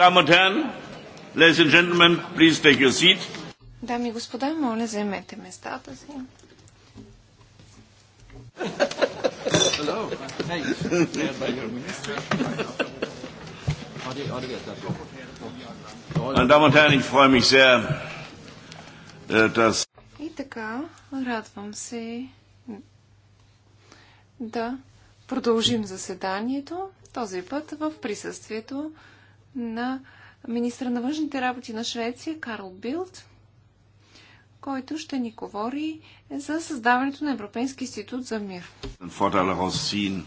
Damen und Herren, ladies and gentlemen, please take your seat. Дами и господа, моля, заемете местата си. Hello. Hey. Meine Damen und Herren, ich freue mich sehr, dass... И така, радвам се да продължим заседанието, този път в присъствието на министра на външните работи на Швеция Карл Билд, който ще ни говори за създаването на Европейски институт за мир. Er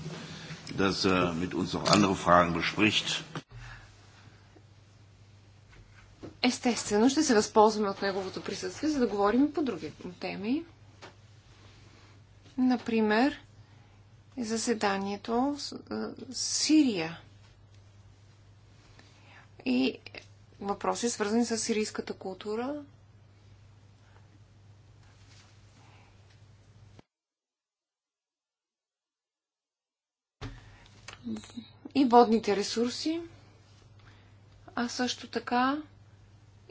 Естествено, ще се възползваме от неговото присъствие, за да говорим по други теми. Например, заседанието с Сирия – и въпроси, свързани с сирийската култура. И водните ресурси, а също така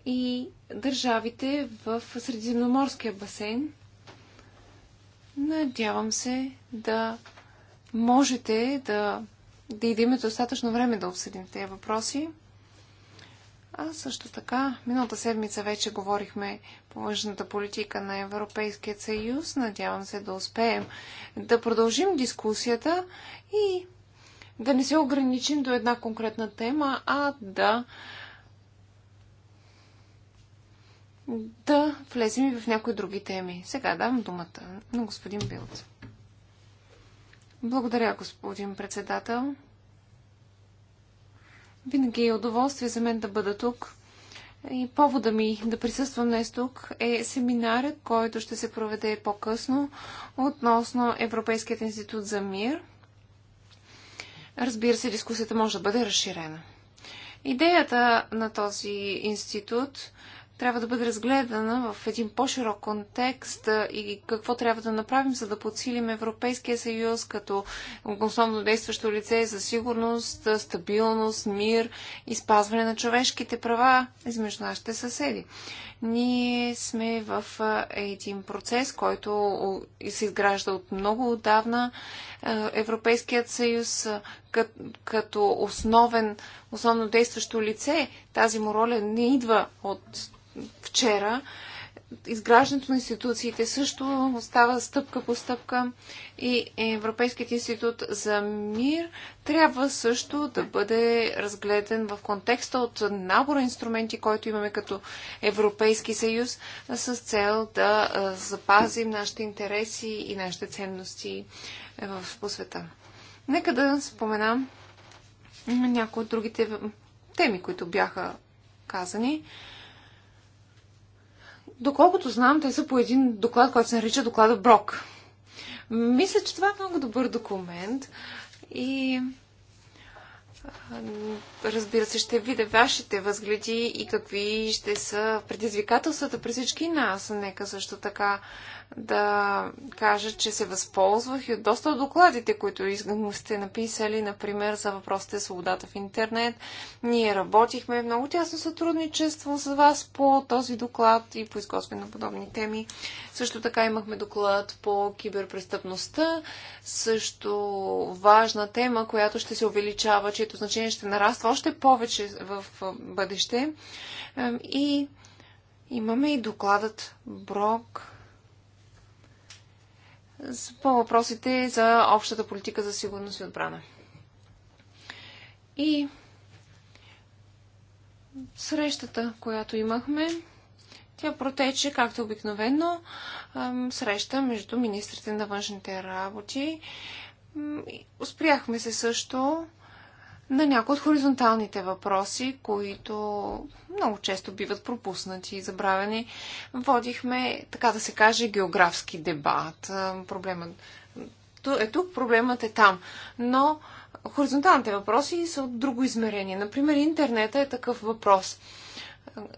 и държавите в Средиземноморския басейн. Надявам се да можете да, да идеме достатъчно време да обсъдим тези въпроси. А също така, миналата седмица вече говорихме по външната политика на Европейския съюз. Надявам се да успеем да продължим дискусията и да не се ограничим до една конкретна тема, а да да влезем и в някои други теми. Сега давам думата на господин Билц. Благодаря, господин председател. Винаги е удоволствие за мен да бъда тук. И повода ми да присъствам днес тук е семинарът, който ще се проведе по-късно относно Европейският институт за мир. Разбира се, дискусията може да бъде разширена. Идеята на този институт трябва да бъде разгледана в един по-широк контекст и какво трябва да направим, за да подсилим Европейския съюз като основно действащо лице за сигурност, стабилност, мир и спазване на човешките права измежду нашите съседи. Ние сме в един процес, който се изгражда от много отдавна. Европейският съюз като основен, основно действащо лице, тази му роля не идва от вчера изграждането на институциите също става стъпка по стъпка и Европейският институт за мир трябва също да бъде разгледан в контекста от набора инструменти, който имаме като Европейски съюз, с цел да запазим нашите интереси и нашите ценности е, в света. Нека да споменам някои от другите теми, които бяха казани. Доколкото знам, те са по един доклад, който се нарича доклада Брок. Мисля, че това е много добър документ и разбира се, ще видя вашите възгледи и какви ще са предизвикателствата при всички нас. Нека също така да кажа, че се възползвах и от доста от докладите, които сте написали, например, за въпросите свободата в интернет. Ние работихме много тясно сътрудничество с вас по този доклад и по изготвяне на подобни теми. Също така имахме доклад по киберпрестъпността, също важна тема, която ще се увеличава, чието значение ще нараства още повече в бъдеще. И имаме и докладът Брок по въпросите за общата политика за сигурност и отбрана. И срещата, която имахме, тя протече, както обикновено, среща между министрите на външните работи. Успяхме се също на някои от хоризонталните въпроси, които много често биват пропуснати и забравени. Водихме, така да се каже, географски дебат. Проблемът е тук, проблемът е там. Но хоризонталните въпроси са от друго измерение. Например, интернета е такъв въпрос.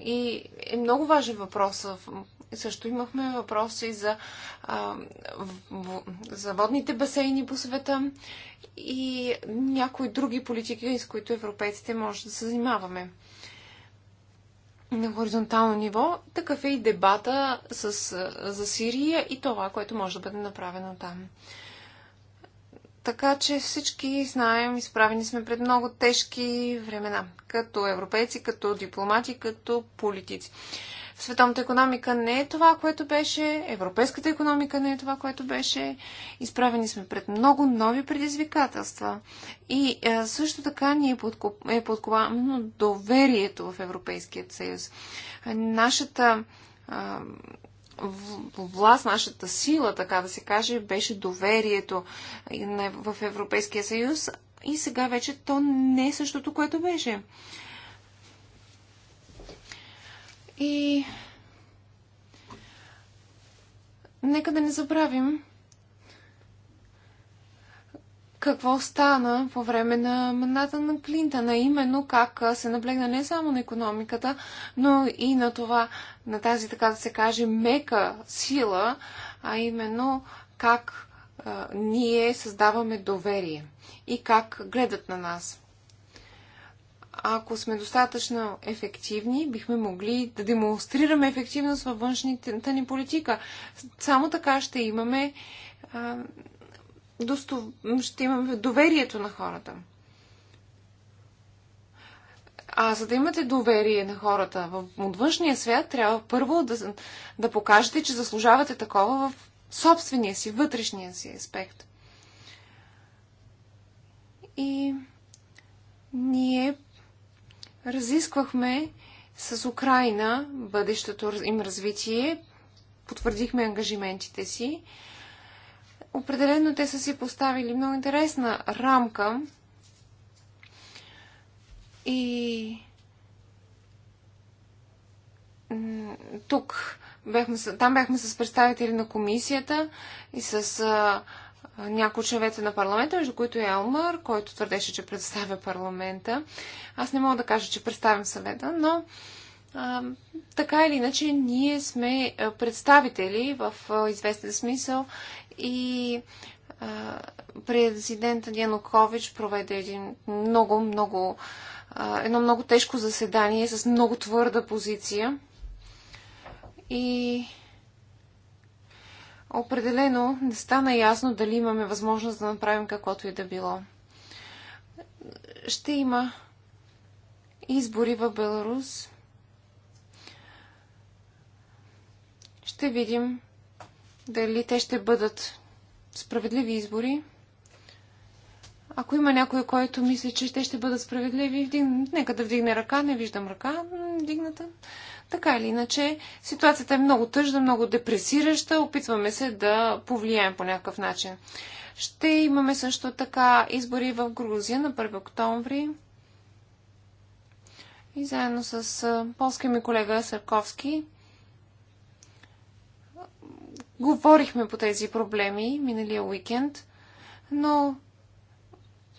И е много важен въпрос в също имахме въпроси за, а, в, за водните басейни по света и някои други политики, с които европейците може да се занимаваме. На хоризонтално ниво такъв е и дебата с, за Сирия и това, което може да бъде направено там. Така че всички знаем, изправени сме пред много тежки времена, като европейци, като дипломати, като политици. Световната економика не е това, което беше, европейската економика не е това, което беше. Изправени сме пред много нови предизвикателства. И е, също така ни е, подкуп, е доверието в Европейския съюз. Нашата е, власт, нашата сила, така да се каже, беше доверието в Европейския съюз и сега вече то не е същото, което беше. И нека да не забравим какво стана по време на мандата на Клинтън, а именно как се наблегна не само на економиката, но и на това, на тази, така да се каже, мека сила, а именно как а, ние създаваме доверие и как гледат на нас ако сме достатъчно ефективни, бихме могли да демонстрираме ефективност във външната ни политика. Само така ще имаме, а, достов... ще имаме доверието на хората. А за да имате доверие на хората в външния свят, трябва първо да, да покажете, че заслужавате такова в собствения си, вътрешния си аспект. И ние разисквахме с Украина бъдещето им развитие, потвърдихме ангажиментите си. Определено те са си поставили много интересна рамка и тук бяхме, там бяхме с представители на комисията и с някои от членовете на парламента, между които е Елмър, който твърдеше, че представя парламента. Аз не мога да кажа, че представям съвета, но а, така или иначе ние сме представители в а, известен смисъл и а, президента Янукович проведе един много, много, а, едно много тежко заседание с много твърда позиция. И определено не стана ясно дали имаме възможност да направим каквото и да било. Ще има избори в Беларус. Ще видим дали те ще бъдат справедливи избори. Ако има някой, който мисли, че те ще бъдат справедливи, вдиг... нека да вдигне ръка. Не виждам ръка вдигната. Така или иначе, ситуацията е много тъжна, много депресираща. Опитваме се да повлияем по някакъв начин. Ще имаме също така избори в Грузия на 1 октомври. И заедно с полския ми колега Сърковски. говорихме по тези проблеми миналия уикенд, но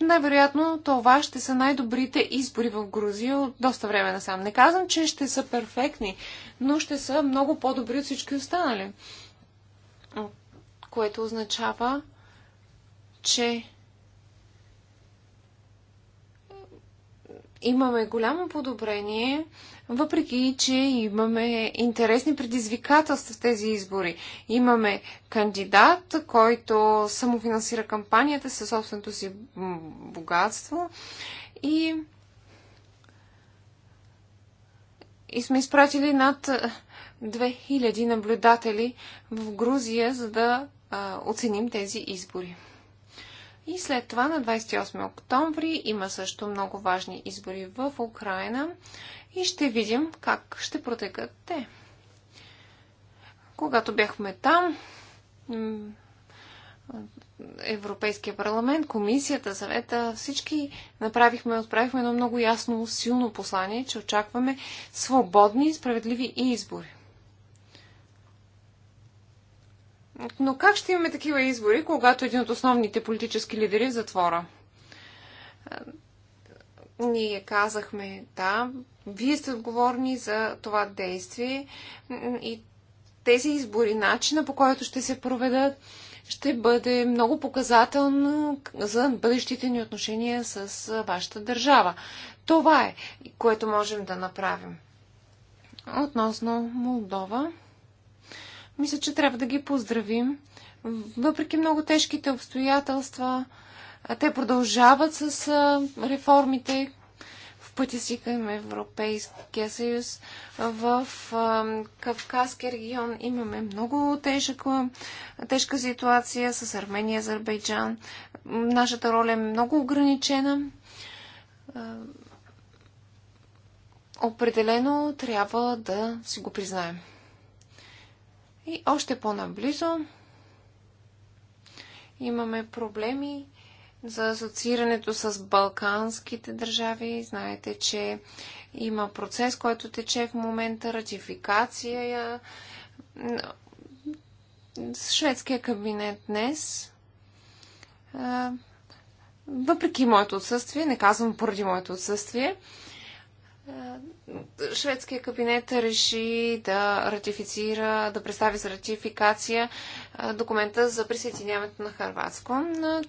най-вероятно това ще са най-добрите избори в Грузия от доста време насам. Не казвам, че ще са перфектни, но ще са много по-добри от всички останали. Което означава, че имаме голямо подобрение, въпреки че имаме интересни предизвикателства в тези избори. Имаме кандидат, който самофинансира кампанията със собственото си богатство и, и сме изпратили над 2000 наблюдатели в Грузия, за да а, оценим тези избори. И след това на 28 октомври има също много важни избори в Украина и ще видим как ще протекат те. Когато бяхме там, Европейския парламент, комисията, съвета, всички направихме, отправихме едно много ясно, силно послание, че очакваме свободни, справедливи избори. Но как ще имаме такива избори, когато един от основните политически лидери е в затвора? Е, ние казахме, да, вие сте отговорни за това действие и тези избори, начина по който ще се проведат, ще бъде много показателно за бъдещите ни отношения с вашата държава. Това е, което можем да направим. Относно Молдова. Мисля, че трябва да ги поздравим. Въпреки много тежките обстоятелства, те продължават с реформите в пътя си към Европейския съюз. В Кавказския регион имаме много тежка, тежка ситуация с Армения и Азербайджан. Нашата роля е много ограничена. Определено трябва да си го признаем. И още по-наблизо имаме проблеми за асоциирането с балканските държави. Знаете, че има процес, който тече в момента ратификация. Шведския кабинет днес, въпреки моето отсъствие, не казвам поради моето отсъствие, е, шведския кабинет реши да ратифицира, да представи за ратификация е, документа за присъединяването на Харватско. На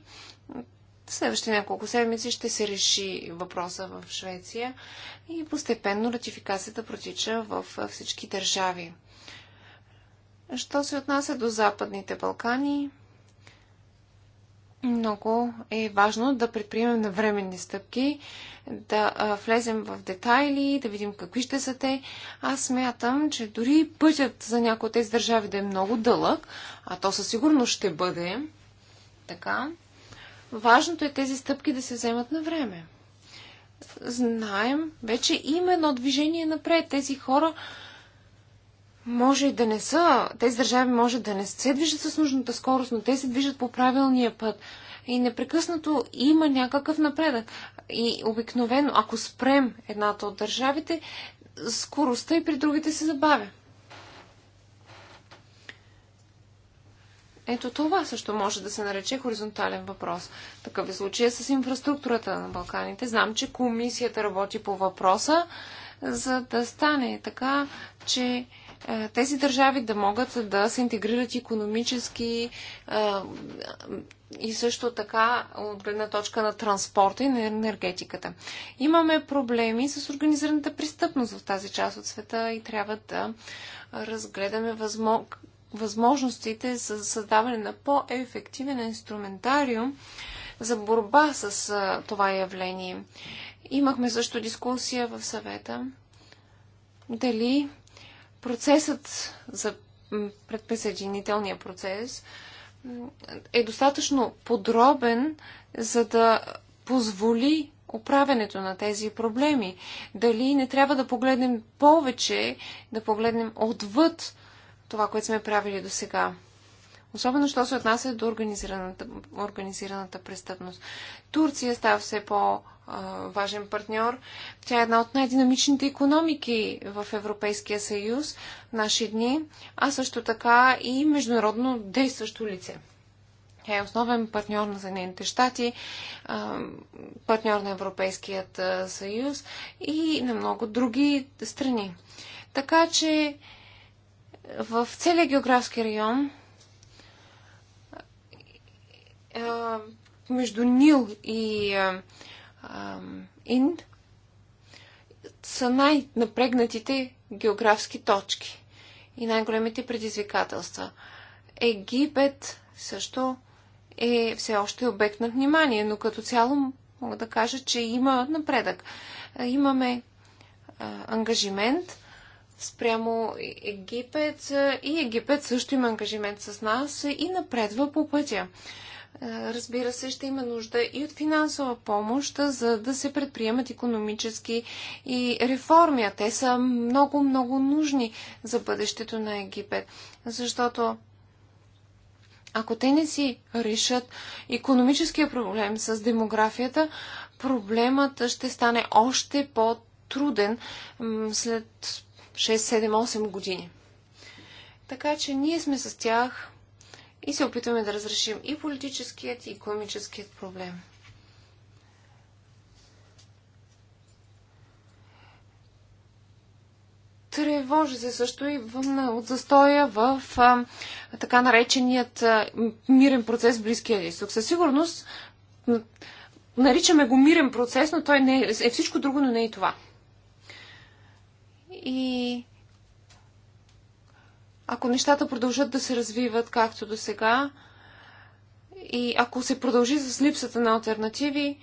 следващите няколко седмици ще се реши въпроса в Швеция и постепенно ратификацията протича в всички държави. Що се отнася до Западните Балкани, много е важно да предприемем навременни стъпки, да влезем в детайли, да видим какви ще са те. Аз смятам, че дори пътят за някои от тези държави да е много дълъг, а то със сигурност ще бъде така, важното е тези стъпки да се вземат на време. Знаем, вече има едно движение напред. Тези хора може и да не са, тези държави може да не се движат с нужната скорост, но те се движат по правилния път. И непрекъснато има някакъв напредък. И обикновено, ако спрем едната от държавите, скоростта и при другите се забавя. Ето това също може да се нарече хоризонтален въпрос. Такъв е случая с инфраструктурата на Балканите. Знам, че комисията работи по въпроса, за да стане така, че е, тези държави да могат да се интегрират економически е, и също така от гледна точка на транспорта и на енергетиката. Имаме проблеми с организираната престъпност в тази част от света и трябва да разгледаме възможностите за създаване на по-ефективен инструментариум за борба с е, това явление. Имахме също дискусия в съвета дали процесът за предприсъединителния процес е достатъчно подробен, за да позволи управенето на тези проблеми. Дали не трябва да погледнем повече, да погледнем отвъд това, което сме правили до сега. Особено, що се отнася до организираната, организираната престъпност. Турция става все по-важен партньор. Тя е една от най-динамичните економики в Европейския съюз в наши дни, а също така и международно действащо лице. Тя е основен партньор на Съединените щати, партньор на Европейският съюз и на много други страни. Така че в целия географски район а, между Нил и а, а, Ин са най-напрегнатите географски точки и най-големите предизвикателства. Египет също е все още обект на внимание, но като цяло мога да кажа, че има напредък. Имаме а, ангажимент спрямо Египет и Египет също има ангажимент с нас и напредва по пътя разбира се, ще има нужда и от финансова помощ, за да се предприемат економически и реформи. А те са много, много нужни за бъдещето на Египет. Защото ако те не си решат економическия проблем с демографията, проблемът ще стане още по-труден след 6, 7, 8 години. Така че ние сме с тях и се опитваме да разрешим и политическият, и економическият проблем. тревожи се също и вън, от застоя в а, така нареченият а, мирен процес в Близкия изток. Със сигурност наричаме го мирен процес, но той не е, е всичко друго, но не е и това. И ако нещата продължат да се развиват както до сега и ако се продължи с липсата на альтернативи,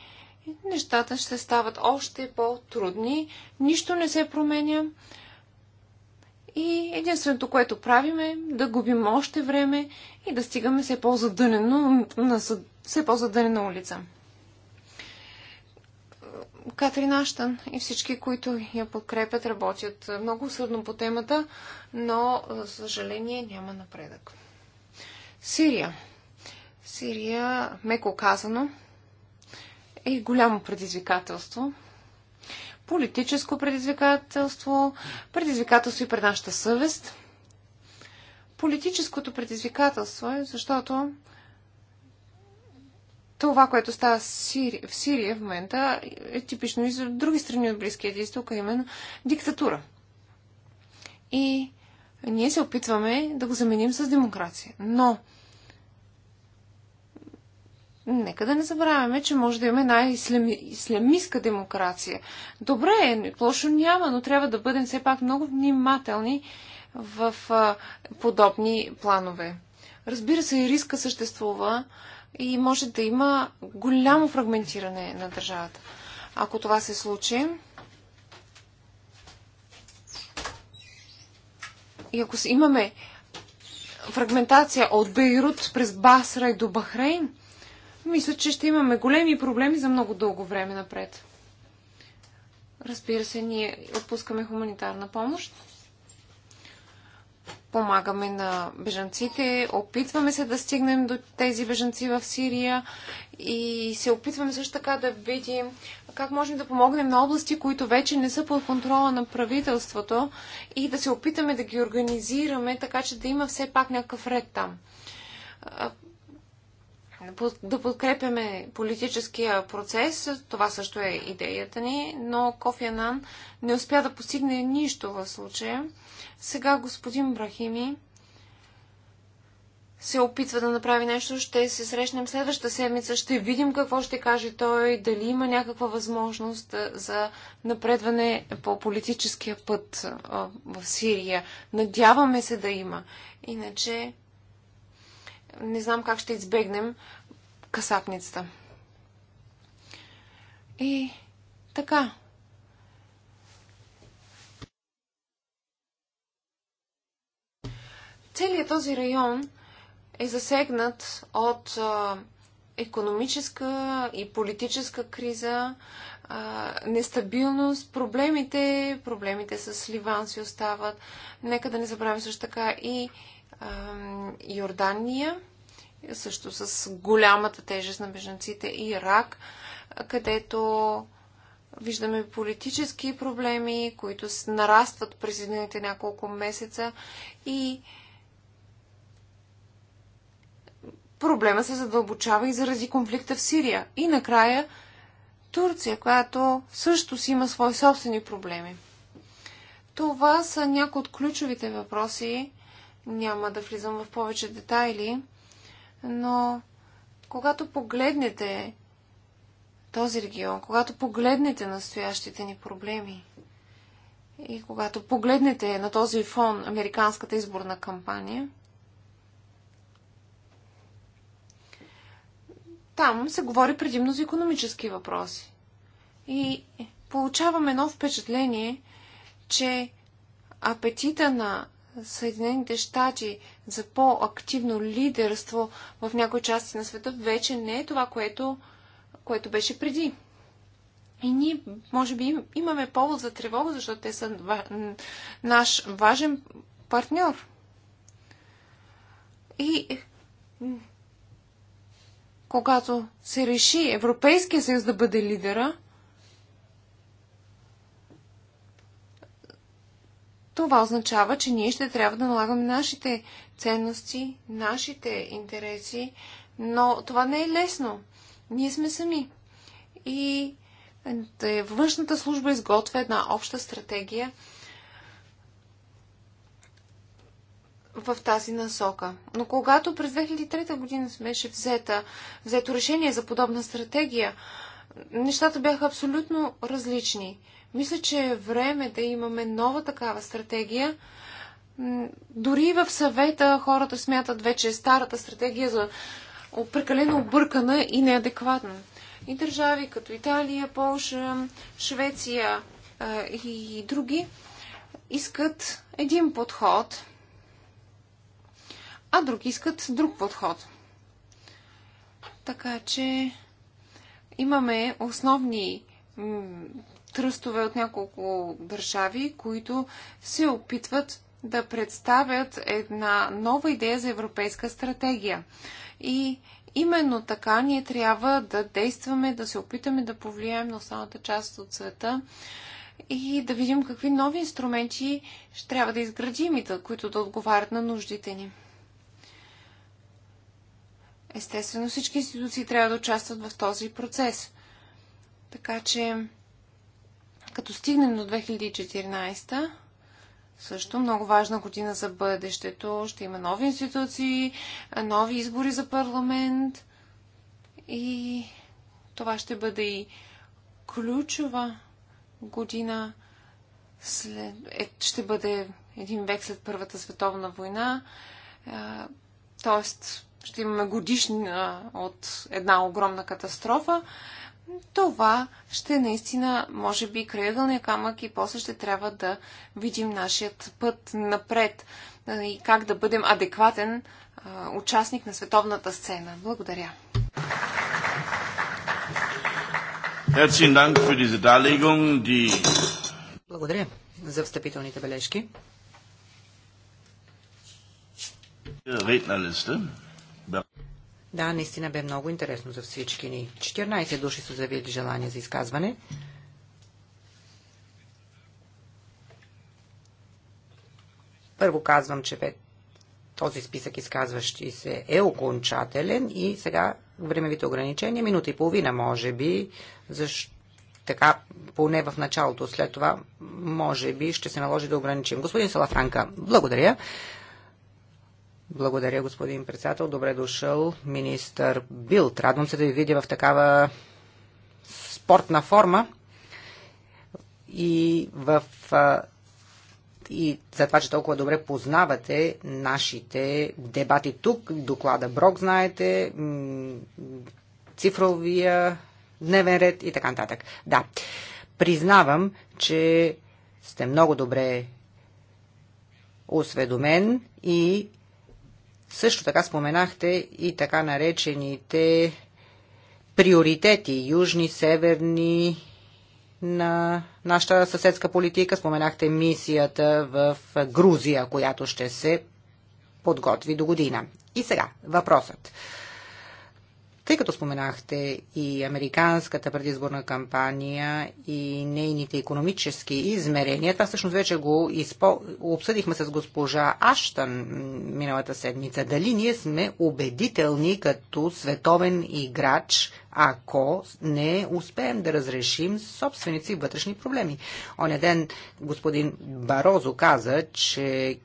нещата ще стават още по-трудни, нищо не се променя и единственото, което правим е да губим още време и да стигаме все по-задънено на, все по-задънена улица. Катрин Аштън и всички, които я подкрепят, работят много усърдно по темата, но, за съжаление, няма напредък. Сирия. Сирия, меко казано, е голямо предизвикателство. Политическо предизвикателство, предизвикателство и пред нашата съвест. Политическото предизвикателство е, защото това, което става в Сирия, в момента, е типично и за други страни от Близкия изток, а именно диктатура. И ние се опитваме да го заменим с демокрация. Но, нека да не забравяме, че може да имаме най ислямистка демокрация. Добре, е, лошо няма, но трябва да бъдем все пак много внимателни в подобни планове. Разбира се, и риска съществува и може да има голямо фрагментиране на държавата. Ако това се случи, и ако имаме фрагментация от Бейрут през Басра и до Бахрейн, мисля, че ще имаме големи проблеми за много дълго време напред. Разбира се, ние отпускаме хуманитарна помощ помагаме на бежанците, опитваме се да стигнем до тези бежанци в Сирия и се опитваме също така да видим как можем да помогнем на области, които вече не са под контрола на правителството и да се опитаме да ги организираме, така че да има все пак някакъв ред там да подкрепяме политическия процес. Това също е идеята ни, но Кофи Анан не успя да постигне нищо в случая. Сега господин Брахими се опитва да направи нещо. Ще се срещнем следващата седмица, ще видим какво ще каже той, дали има някаква възможност за напредване по политическия път в Сирия. Надяваме се да има. Иначе не знам как ще избегнем касапницата. И така. Целият този район е засегнат от економическа и политическа криза, нестабилност, проблемите, проблемите с Ливан си остават. Нека да не забравим също така и Йордания, също с голямата тежест на беженците и Ирак, където виждаме политически проблеми, които нарастват през едните няколко месеца и проблема се задълбочава и заради конфликта в Сирия. И накрая Турция, която също си има свои собствени проблеми. Това са някои от ключовите въпроси, няма да влизам в повече детайли, но когато погледнете този регион, когато погледнете настоящите ни проблеми и когато погледнете на този фон американската изборна кампания, там се говори предимно за економически въпроси. И получаваме едно впечатление, че апетита на Съединените щати за по-активно лидерство в някои части на света вече не е това, което, което беше преди. И ние, може би, имаме повод за тревога, защото те са наш важен партньор. И когато се реши Европейския съюз да бъде лидера, това означава, че ние ще трябва да налагаме нашите ценности, нашите интереси, но това не е лесно. Ние сме сами. И е, външната служба изготвя една обща стратегия в тази насока. Но когато през 2003 година смеше взета, взето решение за подобна стратегия, нещата бяха абсолютно различни. Мисля, че е време да имаме нова такава стратегия. Дори в съвета хората смятат вече старата стратегия за прекалено объркана и неадекватна. И държави като Италия, Полша, Швеция и други искат един подход, а други искат друг подход. Така че имаме основни тръстове от няколко държави, които се опитват да представят една нова идея за европейска стратегия. И именно така ние трябва да действаме, да се опитаме да повлияем на останата част от света и да видим какви нови инструменти ще трябва да изградим и да, които да отговарят на нуждите ни. Естествено, всички институции трябва да участват в този процес. Така че като стигнем до 2014, също много важна година за бъдещето, ще има нови институции, нови избори за парламент и това ще бъде и ключова година след, е, ще бъде един век след Първата световна война. Тоест, ще имаме годишна от една огромна катастрофа това ще наистина, може би, краъгълния камък и после ще трябва да видим нашият път напред и как да бъдем адекватен участник на световната сцена. Благодаря. Благодаря за встъпителните бележки. Да, наистина бе много интересно за всички ни. 14 души са заявили желание за изказване. Първо казвам, че бе този списък изказващи се е окончателен и сега времевите ограничения, минута и половина може би, защото така, поне в началото, след това, може би ще се наложи да ограничим. Господин Салафранка, благодаря. Благодаря, господин председател. Добре дошъл, министър Билт. Радвам се да ви видя в такава спортна форма и в и за това, че толкова добре познавате нашите дебати тук. Доклада Брок знаете, цифровия дневен ред и така нататък. Да, признавам, че сте много добре осведомен и също така споменахте и така наречените приоритети южни, северни на нашата съседска политика. Споменахте мисията в Грузия, която ще се подготви до година. И сега въпросът. Тъй като споменахте и американската предизборна кампания и нейните економически измерения, това всъщност вече го изпо... обсъдихме с госпожа Аштън миналата седмица. Дали ние сме убедителни като световен играч, ако не успеем да разрешим собственици вътрешни проблеми? Оня ден господин Барозо каза, че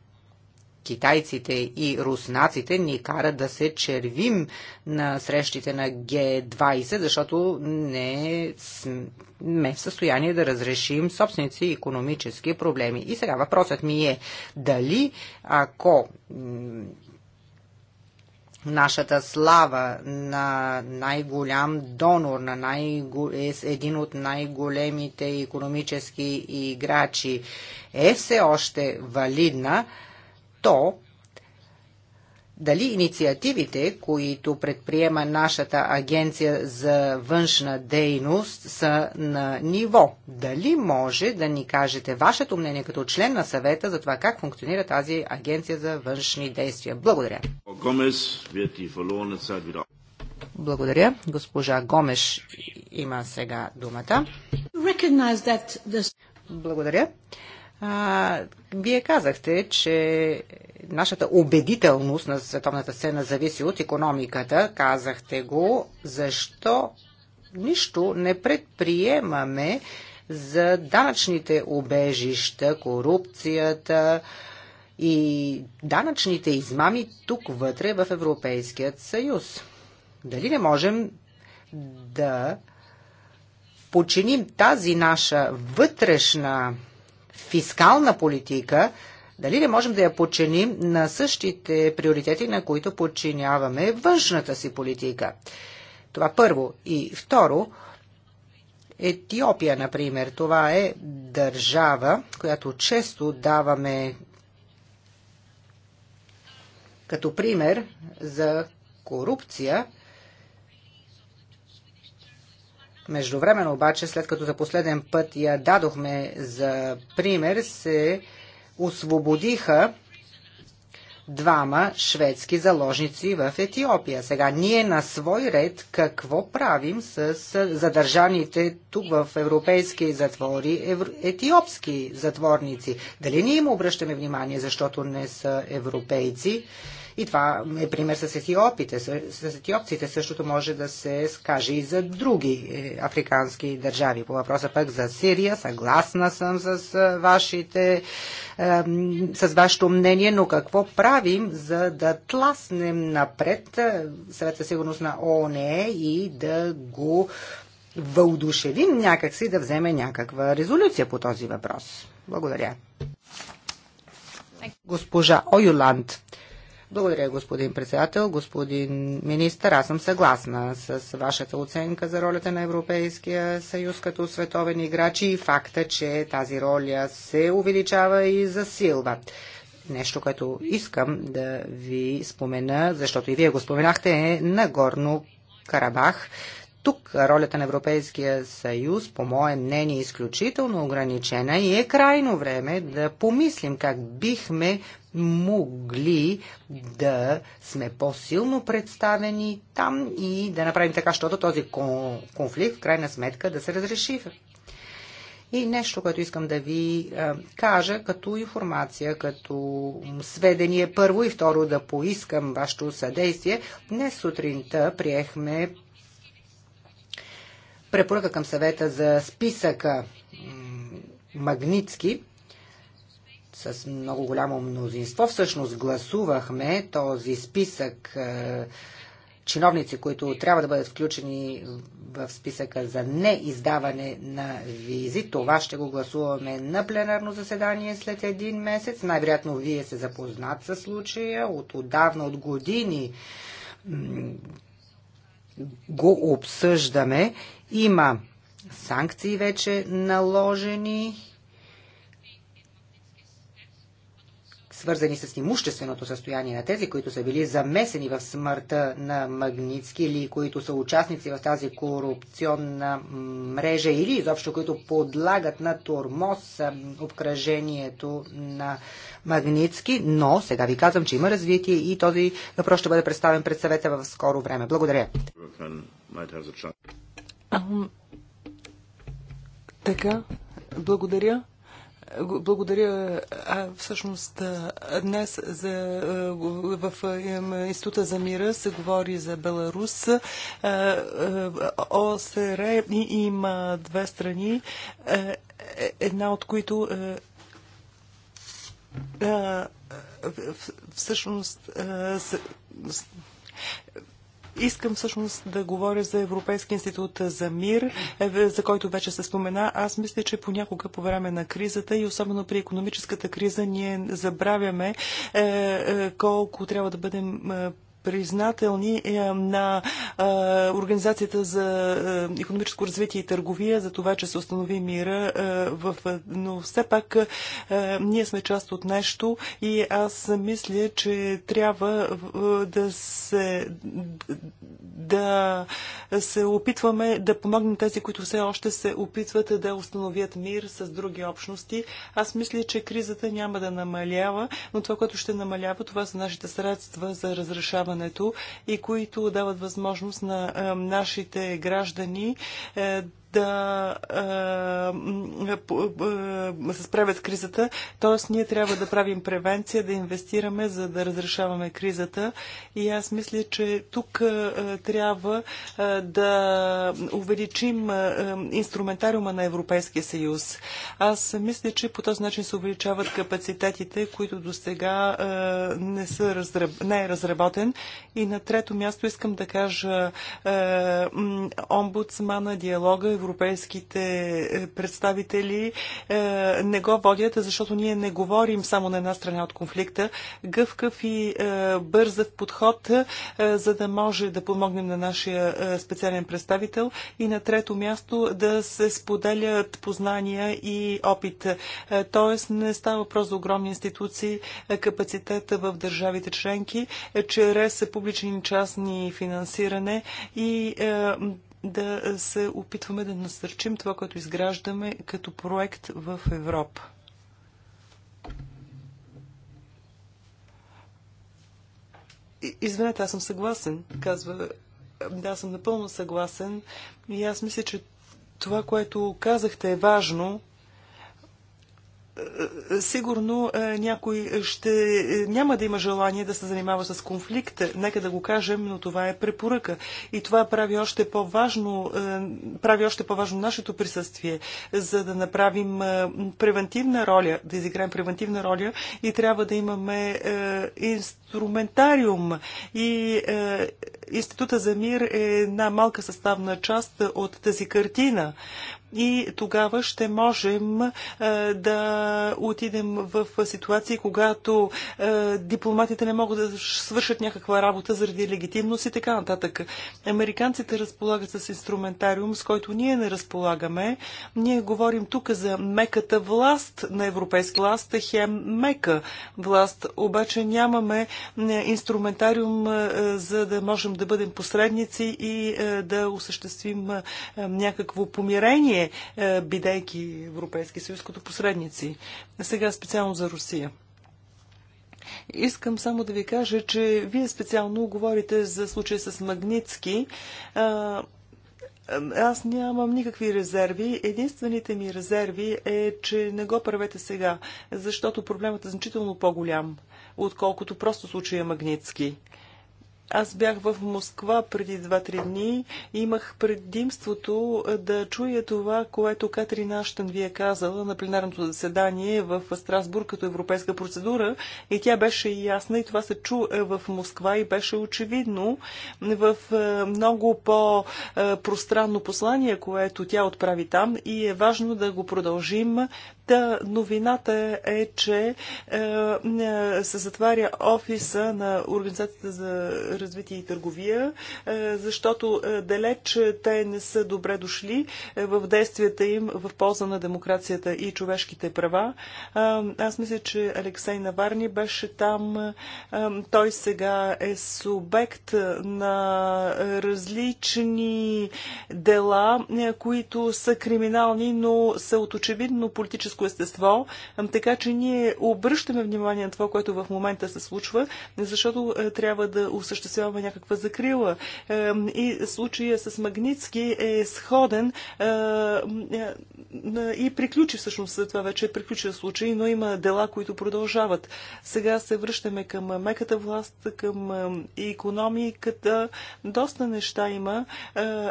китайците и руснаците ни кара да се червим на срещите на Г20, защото не сме в състояние да разрешим собственици и економически проблеми. И сега въпросът ми е дали ако нашата слава на най-голям донор, на най е един от най-големите економически играчи е все още валидна, то дали инициативите, които предприема нашата агенция за външна дейност, са на ниво? Дали може да ни кажете вашето мнение като член на съвета за това как функционира тази агенция за външни действия? Благодаря. Благодаря. Госпожа Гомеш има сега думата. Благодаря. А, вие казахте, че нашата убедителност на световната сцена зависи от економиката. Казахте го. Защо нищо не предприемаме за данъчните убежища, корупцията и данъчните измами тук вътре в Европейският съюз? Дали не можем да починим тази наша вътрешна фискална политика, дали не можем да я подчиним на същите приоритети, на които подчиняваме външната си политика? Това първо. И второ, Етиопия, например, това е държава, която често даваме като пример за корупция – Междувременно обаче, след като за последен път я дадохме за пример, се освободиха двама шведски заложници в Етиопия. Сега ние на свой ред какво правим с задържаните тук в европейски затвори етиопски затворници? Дали ние им обръщаме внимание, защото не са европейци? И това е пример с етиопите. С етиопците същото може да се скаже и за други е, африкански държави. По въпроса пък за Сирия, съгласна съм с, вашите, с вашето мнение, но какво правим, за да тласнем напред е, Съвета сигурност на ООН и да го въодушевим някакси да вземе някаква резолюция по този въпрос. Благодаря. Госпожа Оюланд. Благодаря, господин председател. Господин министър, аз съм съгласна с вашата оценка за ролята на Европейския съюз като световен играч и факта, че тази роля се увеличава и засилва нещо, което искам да ви спомена, защото и вие го споменахте, е Нагорно Карабах. Тук ролята на Европейския съюз, по мое мнение, е изключително ограничена и е крайно време да помислим как бихме могли да сме по-силно представени там и да направим така, защото този конфликт в крайна сметка да се разреши. И нещо, което искам да ви кажа като информация, като сведение първо и второ да поискам вашето съдействие. Днес сутринта приехме препоръка към съвета за списъка Магницки, с много голямо мнозинство. Всъщност гласувахме този списък е, чиновници, които трябва да бъдат включени в списъка за неиздаване на визи. Това ще го гласуваме на пленарно заседание след един месец. Най-вероятно вие се запознат с случая. От отдавна, от години го обсъждаме. Има санкции вече наложени свързани с имущественото състояние на тези, които са били замесени в смъртта на Магницки или които са участници в тази корупционна мрежа или изобщо, които подлагат на тормоз обкръжението на Магницки. Но сега ви казвам, че има развитие и този въпрос ще бъде представен пред съвета в скоро време. Благодаря. Така, благодаря. Благодаря. А, всъщност днес за, в Института за мира се говори за Беларус. ОСР има две страни, е, една от които всъщност Искам всъщност да говоря за Европейски институт за мир, е, за който вече се спомена. Аз мисля, че понякога по време на кризата и особено при економическата криза ние забравяме е, е, колко трябва да бъдем признателни е, на е, Организацията за е, економическо развитие и търговия за това, че се установи мира. Но все пак ние сме част от нещо и аз мисля, че трябва да се, да се опитваме да помогнем тези, които все още се опитват да установят мир с други общности. Аз мисля, че кризата няма да намалява, но това, което ще намалява, това са нашите средства за разрешаване сближаването и които дават възможност на нашите граждани е, да се справят с кризата. Тоест, ние трябва да правим превенция, да инвестираме, за да разрешаваме кризата. И аз мисля, че тук трябва да увеличим инструментариума на Европейския съюз. Аз мисля, че по този начин се увеличават капацитетите, които до сега не, са разраб... не е разработен. И на трето място искам да кажа омбудсмана, диалога, европейските е, представители е, не го водят, защото ние не говорим само на една страна от конфликта. Гъвкав и е, бързав подход, за да може да помогнем на нашия специален представител. И на трето място да се споделят познания и опит. Тоест не става въпрос за огромни институции, капацитета в държавите членки, чрез публични и частни финансиране и да се опитваме да насърчим това, което изграждаме като проект в Европа. Извинете, аз съм съгласен, казва. Да, съм напълно съгласен. И аз мисля, че това, което казахте е важно сигурно е, някой ще е, няма да има желание да се занимава с конфликт, Нека да го кажем, но това е препоръка. И това прави още по-важно, е, прави още по-важно нашето присъствие, за да направим превентивна роля, да изиграем превентивна роля и трябва да имаме инструментариум и Института за мир е една малка съставна част от тази картина и тогава ще можем е, да отидем в ситуации, когато е, дипломатите не могат да свършат някаква работа заради легитимност и така нататък. Американците разполагат с инструментариум, с който ние не разполагаме. Ние говорим тук за меката власт на европейска власт, хем мека власт, обаче нямаме е, инструментариум за да можем да бъдем посредници и да осъществим някакво помирение ние, бидейки Европейски съюз като посредници. Сега специално за Русия. Искам само да ви кажа, че вие специално говорите за случая с Магницки. Аз нямам никакви резерви. Единствените ми резерви е, че не го правете сега, защото проблемът е значително по-голям, отколкото просто случая Магницки. Аз бях в Москва преди 2-3 дни и имах предимството е, да чуя това, което Катрин Аштън ви е казала на пленарното заседание в Страсбург като европейска процедура и тя беше ясна и това се чу е, в Москва и беше очевидно в е, много по-пространно послание, което тя отправи там и е важно да го продължим Та новината е, че е, е, се затваря офиса на Организацията за развитие и търговия, е, защото е, далеч е, те не са добре дошли е, в действията им в полза на демокрацията и човешките права. Е, аз мисля, че Алексей Наварни беше там. Е, е той сега е субект на различни дела, които са криминални, но са от очевидно политическо политическо естество, така че ние обръщаме внимание на това, което в момента се случва, защото е, трябва да осъществяваме някаква закрила. И случая с Магницки е сходен и приключи всъщност, това вече е приключен случай, но има дела, които продължават. Сега се връщаме към меката власт, към економиката. Доста неща има.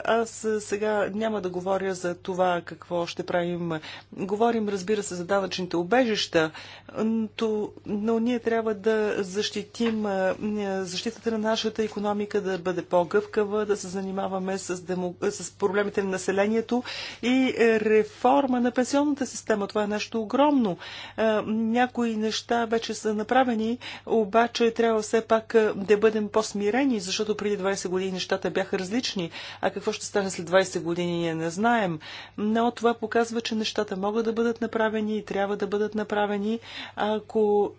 Аз сега няма да говоря за това какво ще правим. Говорим, разбира разбира се, за данъчните обежища, то, но ние трябва да защитим защитата на нашата економика, да бъде по-гъвкава, да се занимаваме с, демо, с проблемите на населението и реформа на пенсионната система. Това е нещо огромно. Някои неща вече са направени, обаче трябва все пак да бъдем по-смирени, защото преди 20 години нещата бяха различни. А какво ще стане след 20 години, ние не знаем. Но това показва, че нещата могат да бъдат направени направени и трябва да бъдат направени. Ако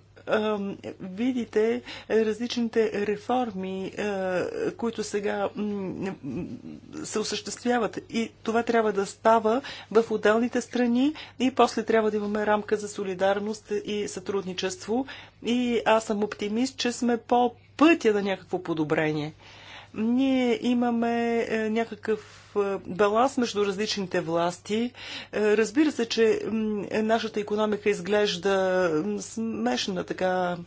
видите различните реформи, които сега се осъществяват. И това трябва да става в отделните страни и после трябва да имаме рамка за солидарност и сътрудничество. И аз съм оптимист, че сме по пътя на някакво подобрение. Ние имаме е, някакъв е, баланс между различните власти. Е, разбира се, че нашата економика изглежда смешна така,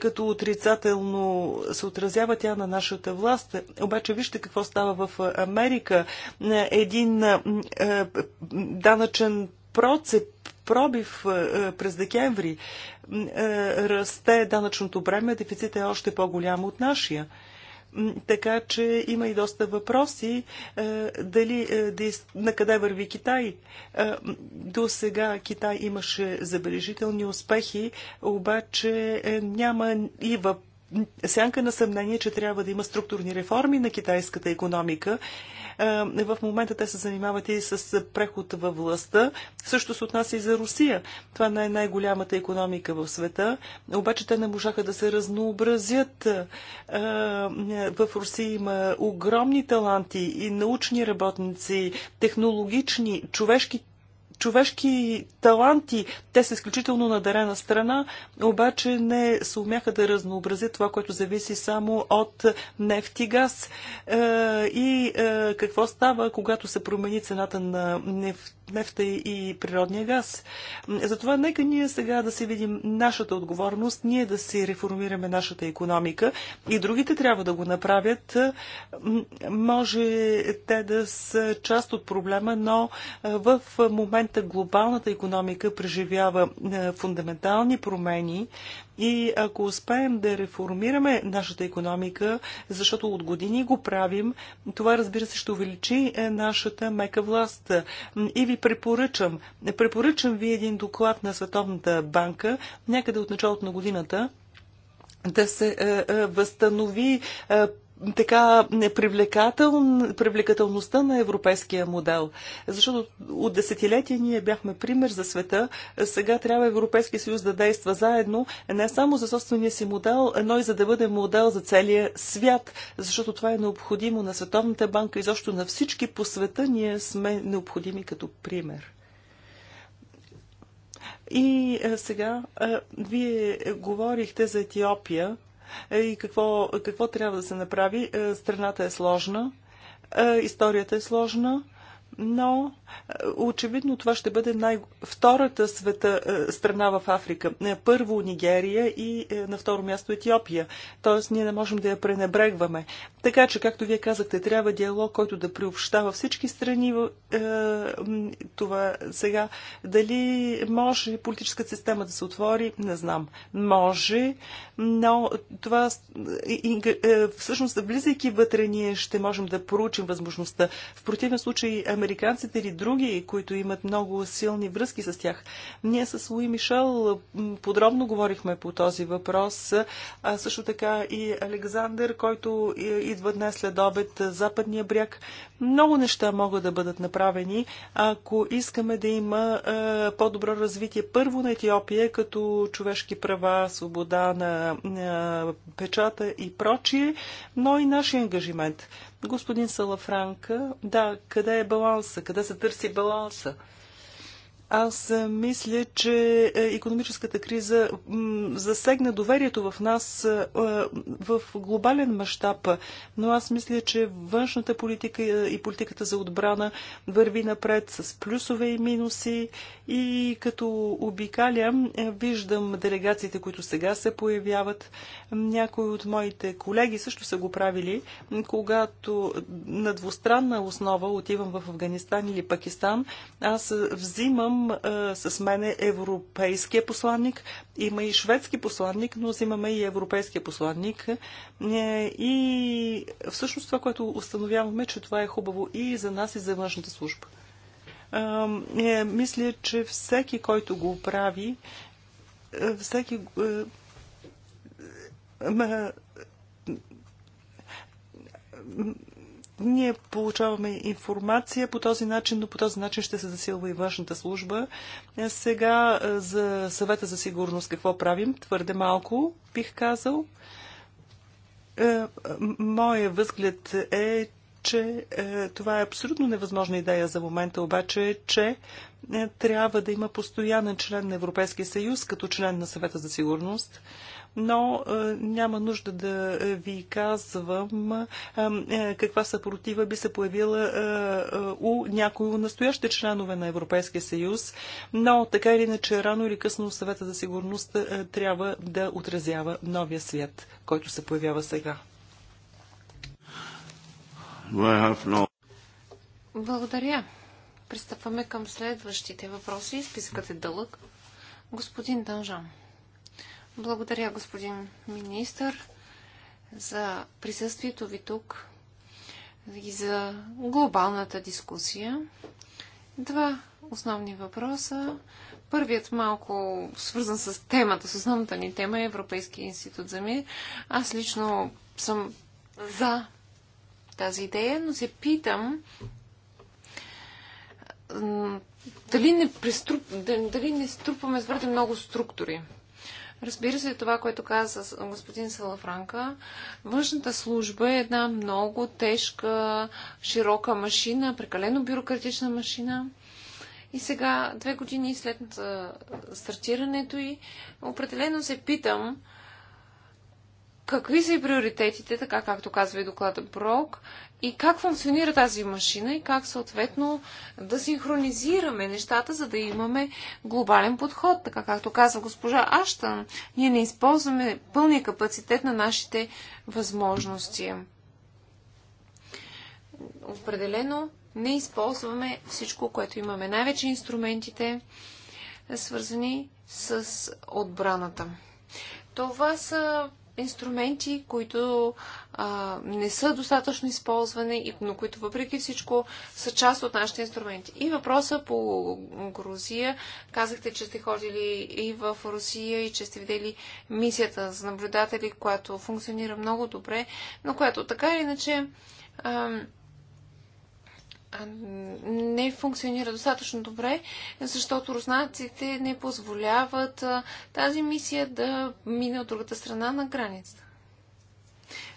като отрицателно се отразява тя на нашата власт. Обаче вижте какво става в Америка. Един данъчен процеп пробив през декември. Расте данъчното бреме, дефицит е още по-голям от нашия. Така че има и доста въпроси е, дали, е, на къде върви Китай. Е, до сега Китай имаше забележителни успехи, обаче няма и въпроси сянка на съмнение, че трябва да има структурни реформи на китайската економика. В момента те се занимават и с преход във властта. Също се отнася и за Русия. Това не е най-голямата економика в света, обаче те не можаха да се разнообразят. В Русия има огромни таланти и научни работници, технологични, човешки човешки таланти. Те са изключително надарена страна, обаче не се умяха да разнообразят това, което зависи само от нефт и газ. Е, и е, какво става, когато се промени цената на нефт нефта и природния газ. Затова нека ние сега да се видим нашата отговорност, ние да се реформираме нашата економика и другите трябва да го направят. Може те да са част от проблема, но в момента глобалната економика преживява фундаментални промени. И ако успеем да реформираме нашата економика, защото от години го правим, това разбира се ще увеличи е, нашата мека власт. И ви препоръчам, препоръчам ви един доклад на Световната банка някъде от началото на годината, да се е, е, възстанови така привлекател, привлекателността на европейския модел. Защото от десетилетия ние бяхме пример за света. Сега трябва Европейския съюз да действа заедно не само за собствения си модел, но и за да бъде модел за целия свят. Защото това е необходимо на Световната банка и защо на всички по света ние сме необходими като пример. И сега, вие говорихте за Етиопия. Е, и какво, какво трябва да се направи. Е, страната е сложна, е, историята е сложна но е, очевидно това ще бъде най- втората света, е, страна в Африка. Е, първо Нигерия и на второ място Етиопия. Тоест ние не можем да я пренебрегваме. Така че, както вие казахте, трябва диалог, който да приобщава всички страни. Това сега дали може политическата система да се отвори, не знам. Може, но това всъщност, влизайки вътре, ние ще можем да проучим възможността. В противен случай, американците или други, които имат много силни връзки с тях. Ние с Луи Мишел подробно говорихме по този въпрос. А също така и Александър, който идва днес след обед западния бряг. Много неща могат да бъдат направени, ако искаме да има по-добро развитие първо на Етиопия, като човешки права, свобода на печата и прочие, но и нашия ангажимент. Господин Салафранка, да, къде е баланса? Къде се търси баланса? Аз е, мисля, че економическата криза засегна доверието в нас е, е, в глобален мащаб, но аз мисля, че външната политика и политиката за отбрана върви напред с плюсове и минуси и като обикалям, виждам делегациите, които сега се появяват. Някои от моите колеги също са го правили, когато на двустранна основа отивам в Афганистан или Пакистан, аз взимам а, е, с мене европейския посланник, има и шведски посланник, но взимаме и европейския посланник. Е, и всъщност това, което установяваме, че това е хубаво и за нас, и за външната служба. А, е, мисля, че всеки, който го прави, всеки. А, ние получаваме информация по този начин, но по този начин ще се засилва и външната служба. Е, сега е, за съвета за сигурност какво правим? Твърде малко, бих казал. Е, моя възглед е, че това е абсолютно невъзможна идея за момента, обаче, че трябва да има постоянен член на Европейския съюз като член на съвета за сигурност но е, няма нужда да е, ви казвам е, каква съпротива би се появила у някои настоящи настоящите членове на Европейския съюз, но така или иначе рано или късно съвета за сигурност трябва да отразява новия свят, който се появява сега. Благодаря. Пристъпваме към следващите въпроси. Списъкът е дълъг. Господин Данжан. Благодаря, господин министър, за присъствието ви тук и за глобалната дискусия. Два основни въпроса. Първият малко свързан с темата, с основната ни тема е Европейския институт за мир. Аз лично съм за тази идея, но се питам дали не, престру... дали не струпваме твърде много структури. Разбира се, това, което каза господин Салафранка, външната служба е една много тежка, широка машина, прекалено бюрократична машина. И сега, две години след стартирането й, определено се питам какви са и приоритетите, така както казва и доклада Брок, и как функционира тази машина и как съответно да синхронизираме нещата, за да имаме глобален подход, така както казва госпожа Аштан. Ние не използваме пълния капацитет на нашите възможности. Определено не използваме всичко, което имаме. Най-вече инструментите, свързани с отбраната. Това са инструменти, които а, не са достатъчно използвани, но които въпреки всичко са част от нашите инструменти. И въпроса по Грузия. Казахте, че сте ходили и в Русия и че сте видели мисията за наблюдатели, която функционира много добре, но която така или иначе. А, не функционира достатъчно добре, защото руснаците не позволяват тази мисия да мине от другата страна на границата.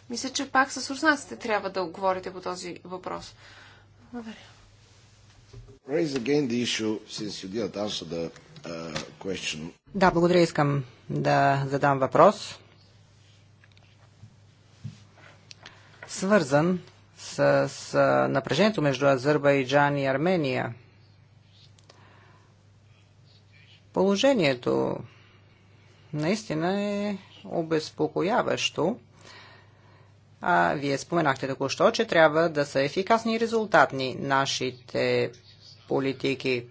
Мисля, че пак с руснаците трябва да говорите по този въпрос. Благодаря. Uh, да, благодаря. Искам да задам въпрос, свързан с, с напрежението между Азербайджан и Армения. Положението наистина е обезпокояващо. А вие споменахте току-що, че трябва да са ефикасни и резултатни нашите политики.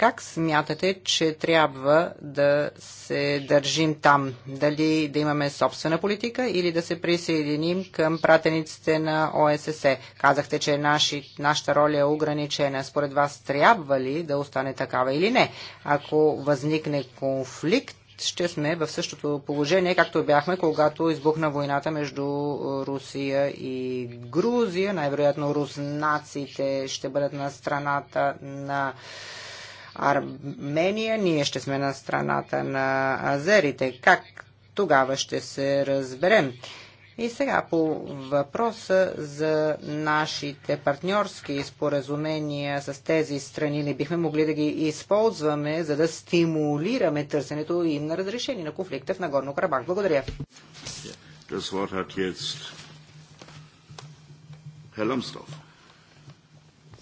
Как смятате, че трябва да се държим там? Дали да имаме собствена политика или да се присъединим към пратениците на ОССЕ? Казахте, че наши, нашата роля е ограничена. Според вас трябва ли да остане такава или не? Ако възникне конфликт, ще сме в същото положение, както бяхме, когато избухна войната между Русия и Грузия. Най-вероятно руснаците ще бъдат на страната на Армения, ние ще сме на страната на азерите. Как тогава ще се разберем? И сега по въпроса за нашите партньорски споразумения с тези страни, не бихме могли да ги използваме, за да стимулираме търсенето им на разрешение на конфликта в Нагорно Карабах. Благодаря. Das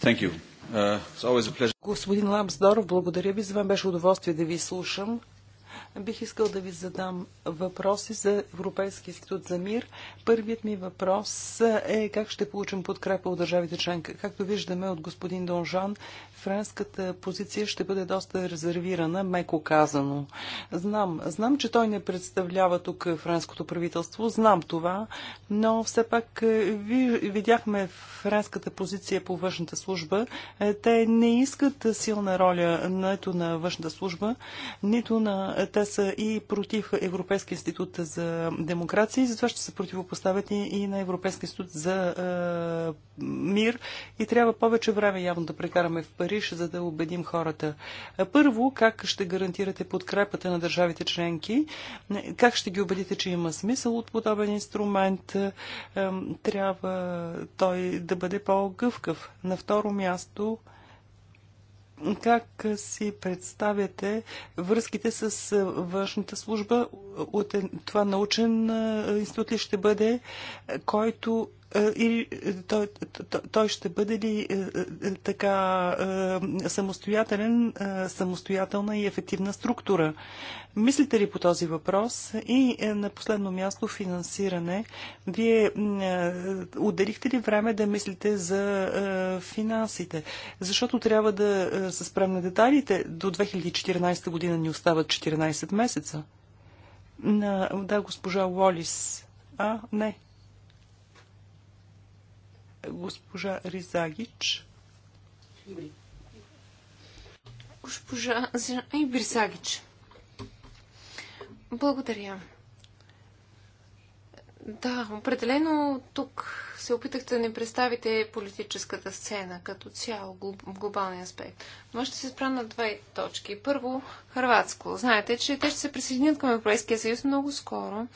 Thank you. Uh, Господин Ламсдоров, благодаря ви. За мен беше удоволствие да ви слушам. Бих искал да ви задам въпроси за Европейския институт за мир. Първият ми въпрос е как ще получим подкрепа от държавите членка. Както виждаме от господин Донжан, френската позиция ще бъде доста резервирана, меко казано. Знам, знам, че той не представлява тук френското правителство, знам това, но все пак е, видяхме френската позиция по външната служба. Е, те не искат силна роля нито на външната служба, нито на те са и против Европейския институт за демокрация и затова ще се противопоставят и, и на Европейския институт за е, мир. И трябва повече време явно да прекараме в Париж, за да убедим хората. Е, първо, как ще гарантирате подкрепата на държавите членки? Е, как ще ги убедите, че има смисъл от подобен инструмент? Е, е трябва той да бъде по-гъвкав. На второ място, как си представяте връзките с външната служба от е, това научен институт ли ще бъде, който е, и е, той, той ще бъде ли е, така самостоятелен, самостоятелна и ефективна структура? Мислите ли по този въпрос? И на последно място финансиране. Вие отделихте ли време да мислите за финансите? Защото трябва да се спрем на детайлите. До 2014 година ни остават 14 месеца. На, да, госпожа Уолис. А, не, Госпожа Ризагич. Госпожа Ризагич. Благодаря. Да, определено тук се опитахте да ни представите политическата сцена като цяло, глобалния аспект. Но ще се спра на две точки. Първо, Хрватско. Знаете, че те ще се присъединят към Европейския съюз много скоро.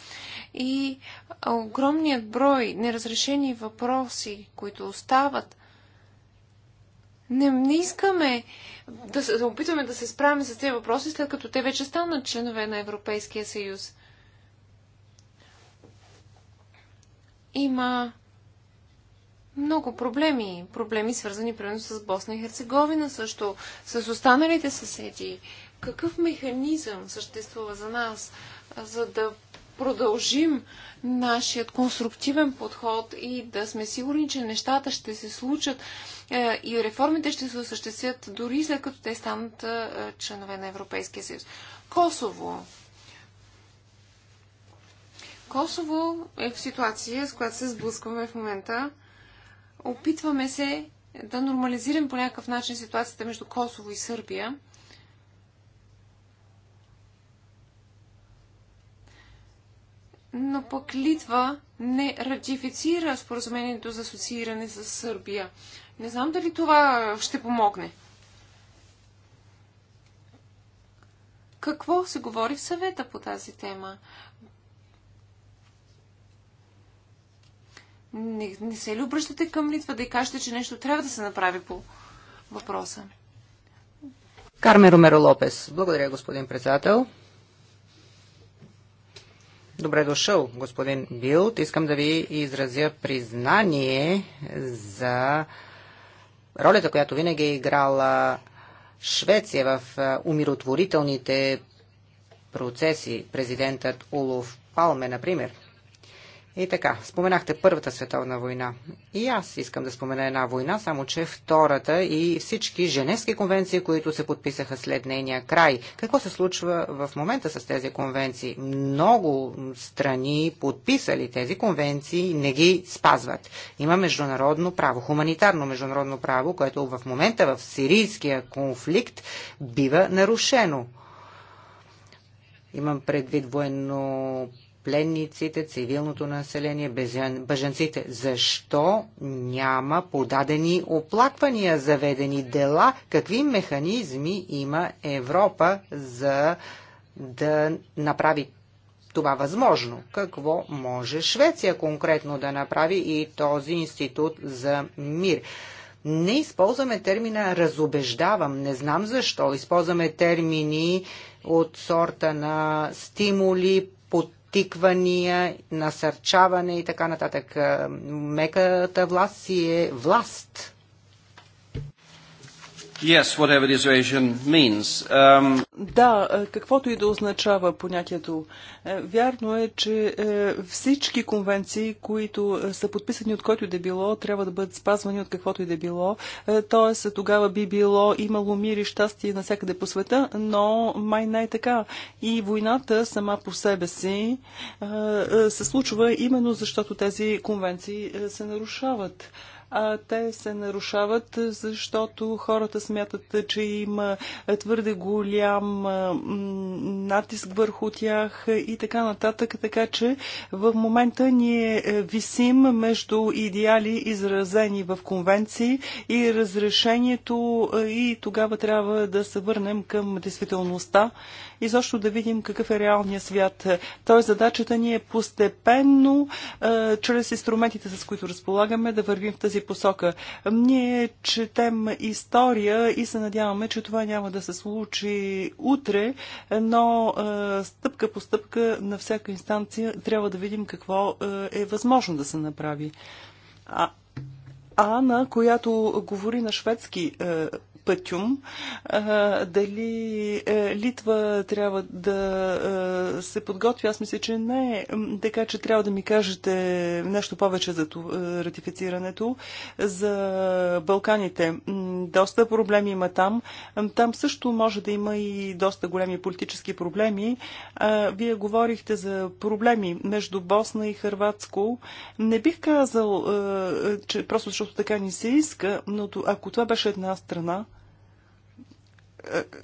И огромният брой неразрешени въпроси, които остават, не, не искаме да, да опитваме да се справим с тези въпроси, след като те вече станат членове на Европейския съюз. има много проблеми. Проблеми свързани примерно с Босна и Херцеговина, също с останалите съседи. Какъв механизъм съществува за нас, за да продължим нашият конструктивен подход и да сме сигурни, че нещата ще се случат е, и реформите ще се осъществят дори след като те станат е, членове на Европейския съюз. Косово. Косово е в ситуация, с която се сблъскваме в момента. Опитваме се да нормализираме по някакъв начин ситуацията между Косово и Сърбия. но пък Литва не ратифицира споразумението за асоцииране с Сърбия. Не знам дали това ще помогне. Какво се говори в съвета по тази тема? Не, не се ли обръщате към Литва да й кажете, че нещо трябва да се направи по въпроса? Карме Ромеро Лопес. Благодаря, господин председател. Добре дошъл, господин Билт. Искам да ви изразя признание за ролята, която винаги е играла Швеция в умиротворителните процеси. Президентът Улов Палме, например. И така, споменахте Първата световна война. И аз искам да спомена една война, само че втората и всички женевски конвенции, които се подписаха след нейния край. Какво се случва в момента с тези конвенции? Много страни, подписали тези конвенции, не ги спазват. Има международно право, хуманитарно международно право, което в момента в сирийския конфликт бива нарушено. Имам предвид военно пленниците, цивилното население, бъженците. Защо няма подадени оплаквания, заведени дела? Какви механизми има Европа за да направи това възможно. Какво може Швеция конкретно да направи и този институт за мир? Не използваме термина разобеждавам, не знам защо. Използваме термини от сорта на стимули, под подтиквания, насърчаване и така нататък. Меката власт си е власт Yes, whatever evasion means. Um... Да, е, каквото и да означава понятието. Е, вярно е, че е, всички конвенции, които са подписани от който и да било, трябва да бъдат спазвани от каквото и да било. Тоест, тогава би било имало мир и щастие навсякъде по света, но май не е така. И войната сама по себе си се случва именно защото тези конвенции се нарушават а те се нарушават, защото хората смятат, че има твърде голям натиск върху тях и така нататък. Така че в момента ние е, висим между идеали, изразени в конвенции и разрешението е, и тогава трябва да се върнем към действителността и защо да видим какъв е реалният свят. Тоест задачата ни е постепенно, е, чрез инструментите, с които разполагаме, да вървим в тази посока. Ние четем история и се надяваме, че това няма да се случи утре, но стъпка по стъпка на всяка инстанция трябва да видим какво е възможно да се направи. А, Ана, която говори на шведски, пътюм, дали е, Литва трябва да е, се подготви. Аз мисля, че не. Така че трябва да ми кажете нещо повече за е, ратифицирането. За Балканите доста проблеми има там. Там също може да има и доста големи политически проблеми. Вие говорихте за проблеми между Босна и Харватско. Не бих казал, че просто защото така ни се иска, но ако това беше една страна,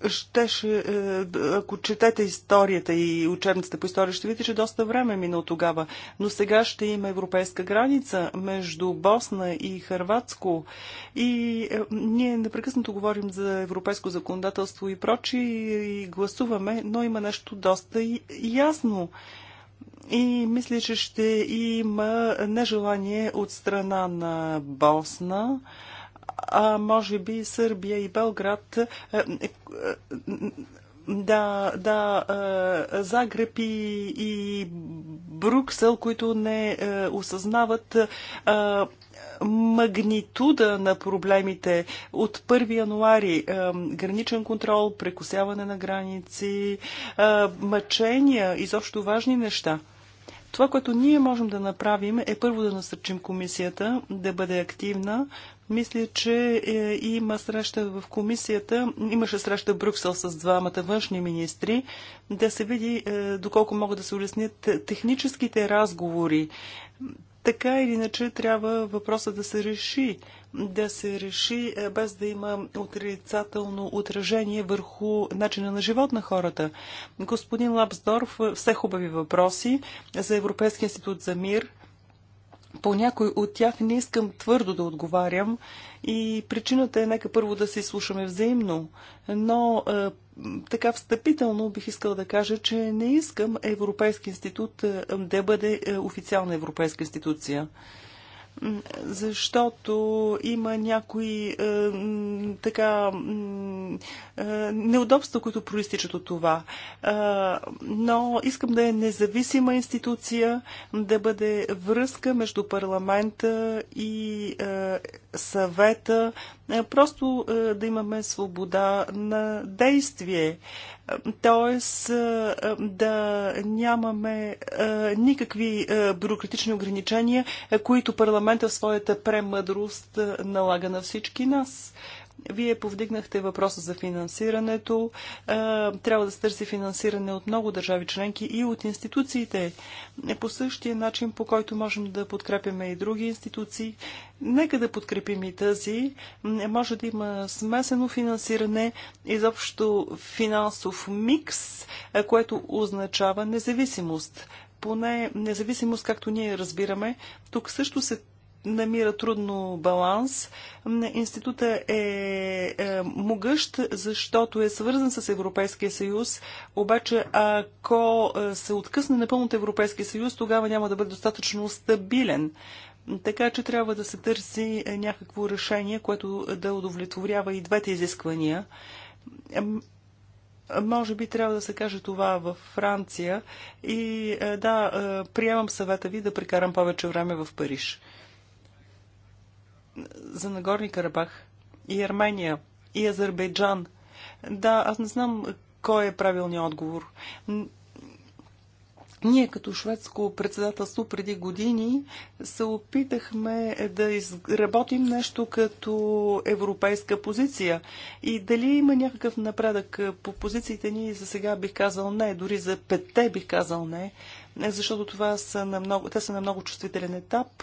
е, щеше, е, ако четете историята и учебницата по история, ще видите, че доста време е минало тогава. Но сега ще има европейска граница между Босна и Харватско. И е, ние непрекъснато говорим за европейско законодателство и прочи и гласуваме, но има нещо доста ясно. И мисля, че ще има нежелание от страна на Босна а може би Сърбия и Белград е, е, е, да, да, Загреб и, и Бруксел, които не осъзнават магнитуда на проблемите от 1 януари. Граничен контрол, прекусяване на граници, мъчения, изобщо важни неща – това, което ние можем да направим е първо да насърчим комисията да бъде активна. Мисля, че е, има среща в комисията, имаше среща в Брюксел с двамата външни министри, да се види е, доколко могат да се улеснят техническите разговори така или иначе трябва въпроса да се реши, да се реши е, без да има отрицателно отражение върху начина на живот на хората. Господин Лапсдорф, е, все хубави въпроси за Европейския институт за мир. По някой от тях не искам твърдо да отговарям и причината е нека първо да се слушаме взаимно, но е, така встъпително бих искала да кажа, че не искам Европейски институт е, да бъде е, официална европейска институция защото има някои е, така е, неудобства, които проистичат от това. Е, но искам да е независима институция, да бъде връзка между парламента и е, съвета, е, просто е, да имаме свобода на действие. Тоест е, да нямаме никакви бюрократични ограничения, които парламента в своята премъдрост налага на всички нас. Вие повдигнахте въпроса за финансирането. Е, трябва да се търси финансиране от много държави членки и от институциите. Е, по същия начин, по който можем да подкрепяме и други институции, нека да подкрепим и тази. Е, може да има смесено финансиране, изобщо финансов микс, което означава независимост поне независимост, както ние разбираме, тук също се намира трудно баланс. Института е, е могъщ, защото е свързан с Европейския съюз, обаче ако е, се откъсне напълно от Европейския съюз, тогава няма да бъде достатъчно стабилен. Така че трябва да се търси е, някакво решение, което да удовлетворява и двете изисквания. Може би трябва да се каже това във Франция. И да, приемам съвета ви да прекарам повече време в Париж за Нагорни Карабах, и Армения, и Азербайджан. Да, аз не знам кой е правилният отговор. Ние като шведско председателство преди години се опитахме да изработим нещо като европейска позиция. И дали има някакъв напредък по позициите ни, за сега бих казал не, дори за петте бих казал не. Е, защото това са на много, те са на много чувствителен етап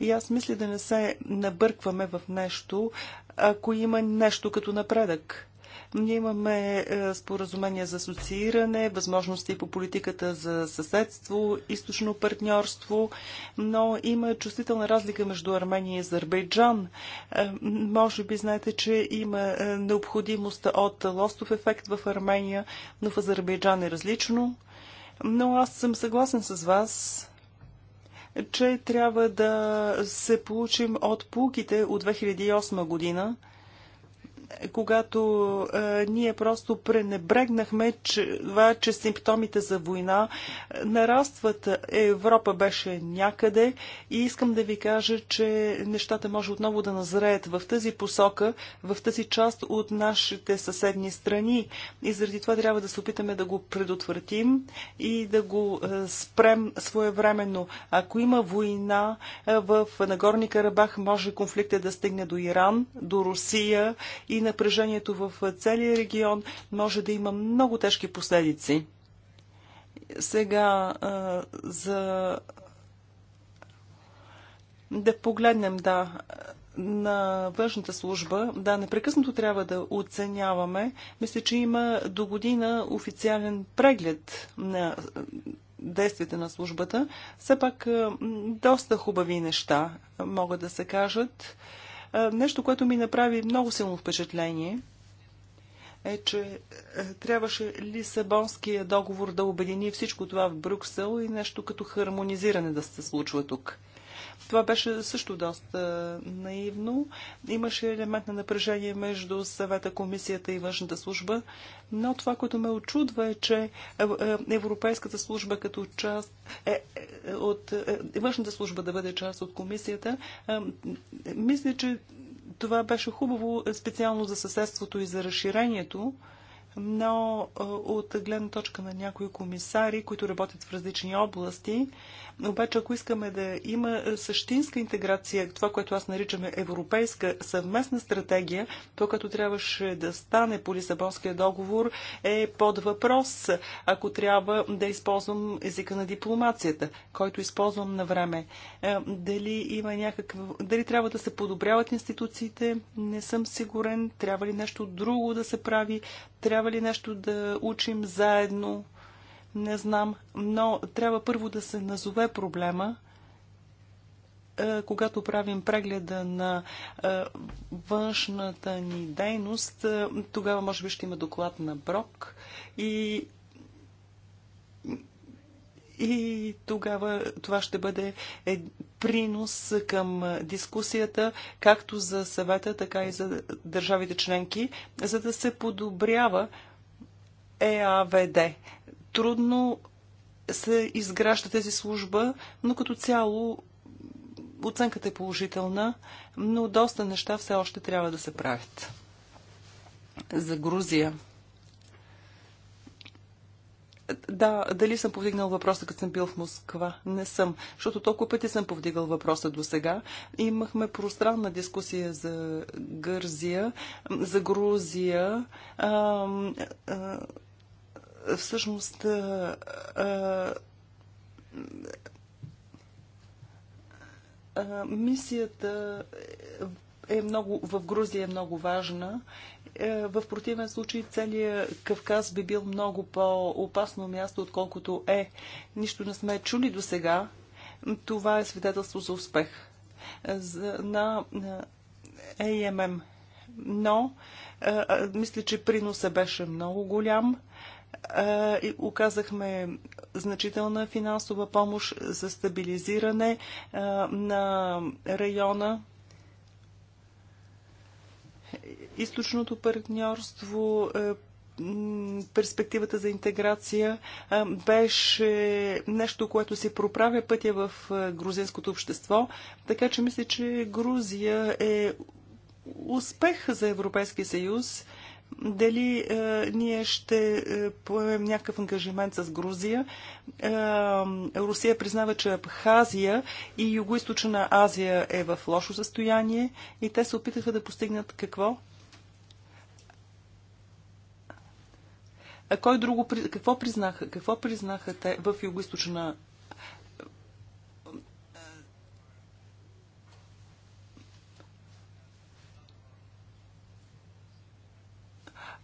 и аз мисля да не се набъркваме в нещо, ако има нещо като напредък. Ние имаме е, споразумение за асоцииране, възможности по политиката за съседство, източно партньорство, но има чувствителна разлика между Армения и Азербайджан. Е, може би знаете, че има необходимост от лостов ефект в Армения, но в Азербайджан е различно но аз съм съгласен с вас, че трябва да се получим от пулките от 2008 година – когато а, е, ние просто пренебрегнахме че, това, че симптомите за война е, нарастват. Европа беше някъде и искам да ви кажа, че нещата може отново да назреят в тази посока, в тази част от нашите съседни страни. И заради това трябва да се опитаме да го предотвратим и да го а, е, спрем своевременно. Ако има война а, в Нагорни Карабах, може конфликта да стигне до Иран, до Русия и и напрежението в целия регион може да има много тежки последици. Сега за да погледнем, да, на външната служба, да, непрекъснато трябва да оценяваме. Мисля, че има до година официален преглед на действията на службата. Все пак доста хубави неща могат да се кажат. Е, нещо, което ми направи много силно впечатление, е, че е, трябваше Лисабонския договор да обедини всичко това в Брюксел и нещо като хармонизиране да се случва тук. Това беше също доста е, наивно. Имаше елемент на напрежение между съвета, комисията и външната служба, но това, което ме очудва е, че е, е, Европейската служба като част е, от външната служба да бъде част от комисията, мисля, че това беше хубаво специално за съседството и за разширението но от гледна точка на някои комисари, които работят в различни области, обаче ако искаме да има същинска интеграция, това, което аз наричаме, европейска съвместна стратегия, то като трябваше да стане по Лисабонския договор е под въпрос, ако трябва да използвам езика на дипломацията, който използвам на време. Дали има някакъв... Дали трябва да се подобряват институциите? Не съм сигурен. Трябва ли нещо друго да се прави? Трябва трябва ли нещо да учим заедно? Не знам, но трябва първо да се назове проблема. Е, когато правим прегледа на е, външната ни дейност, е, тогава може би ще има доклад на Брок и и тогава това ще бъде е принос към дискусията, както за съвета, така и за държавите членки, за да се подобрява ЕАВД. Трудно се изгражда тези служба, но като цяло оценката е положителна, но доста неща все още трябва да се правят. За Грузия. Да, дали съм повдигнал въпроса, като съм бил в Москва? Не съм, защото толкова пъти съм повдигал въпроса до сега. Имахме пространна дискусия за Гързия, за Грузия. А, а, всъщност, а, а, а, мисията е много, в Грузия е много важна е, в противен случай целият Кавказ би бил много по-опасно място, отколкото е. Нищо не сме чули до сега. Това е свидетелство за успех на ЕММ. Но, е, е, мисля, че приноса беше много голям и оказахме значителна финансова помощ за стабилизиране на района източното партньорство, е, перспективата за интеграция е, беше нещо, което се проправя пътя в е, грузинското общество. Така че мисля, че Грузия е успех за Европейския съюз дали е, ние ще е, поемем някакъв ангажимент с Грузия. Е, Русия признава, че Абхазия и юго Азия е в лошо състояние и те се опитаха да постигнат какво? А кой друго, какво признаха, какво признаха те в юго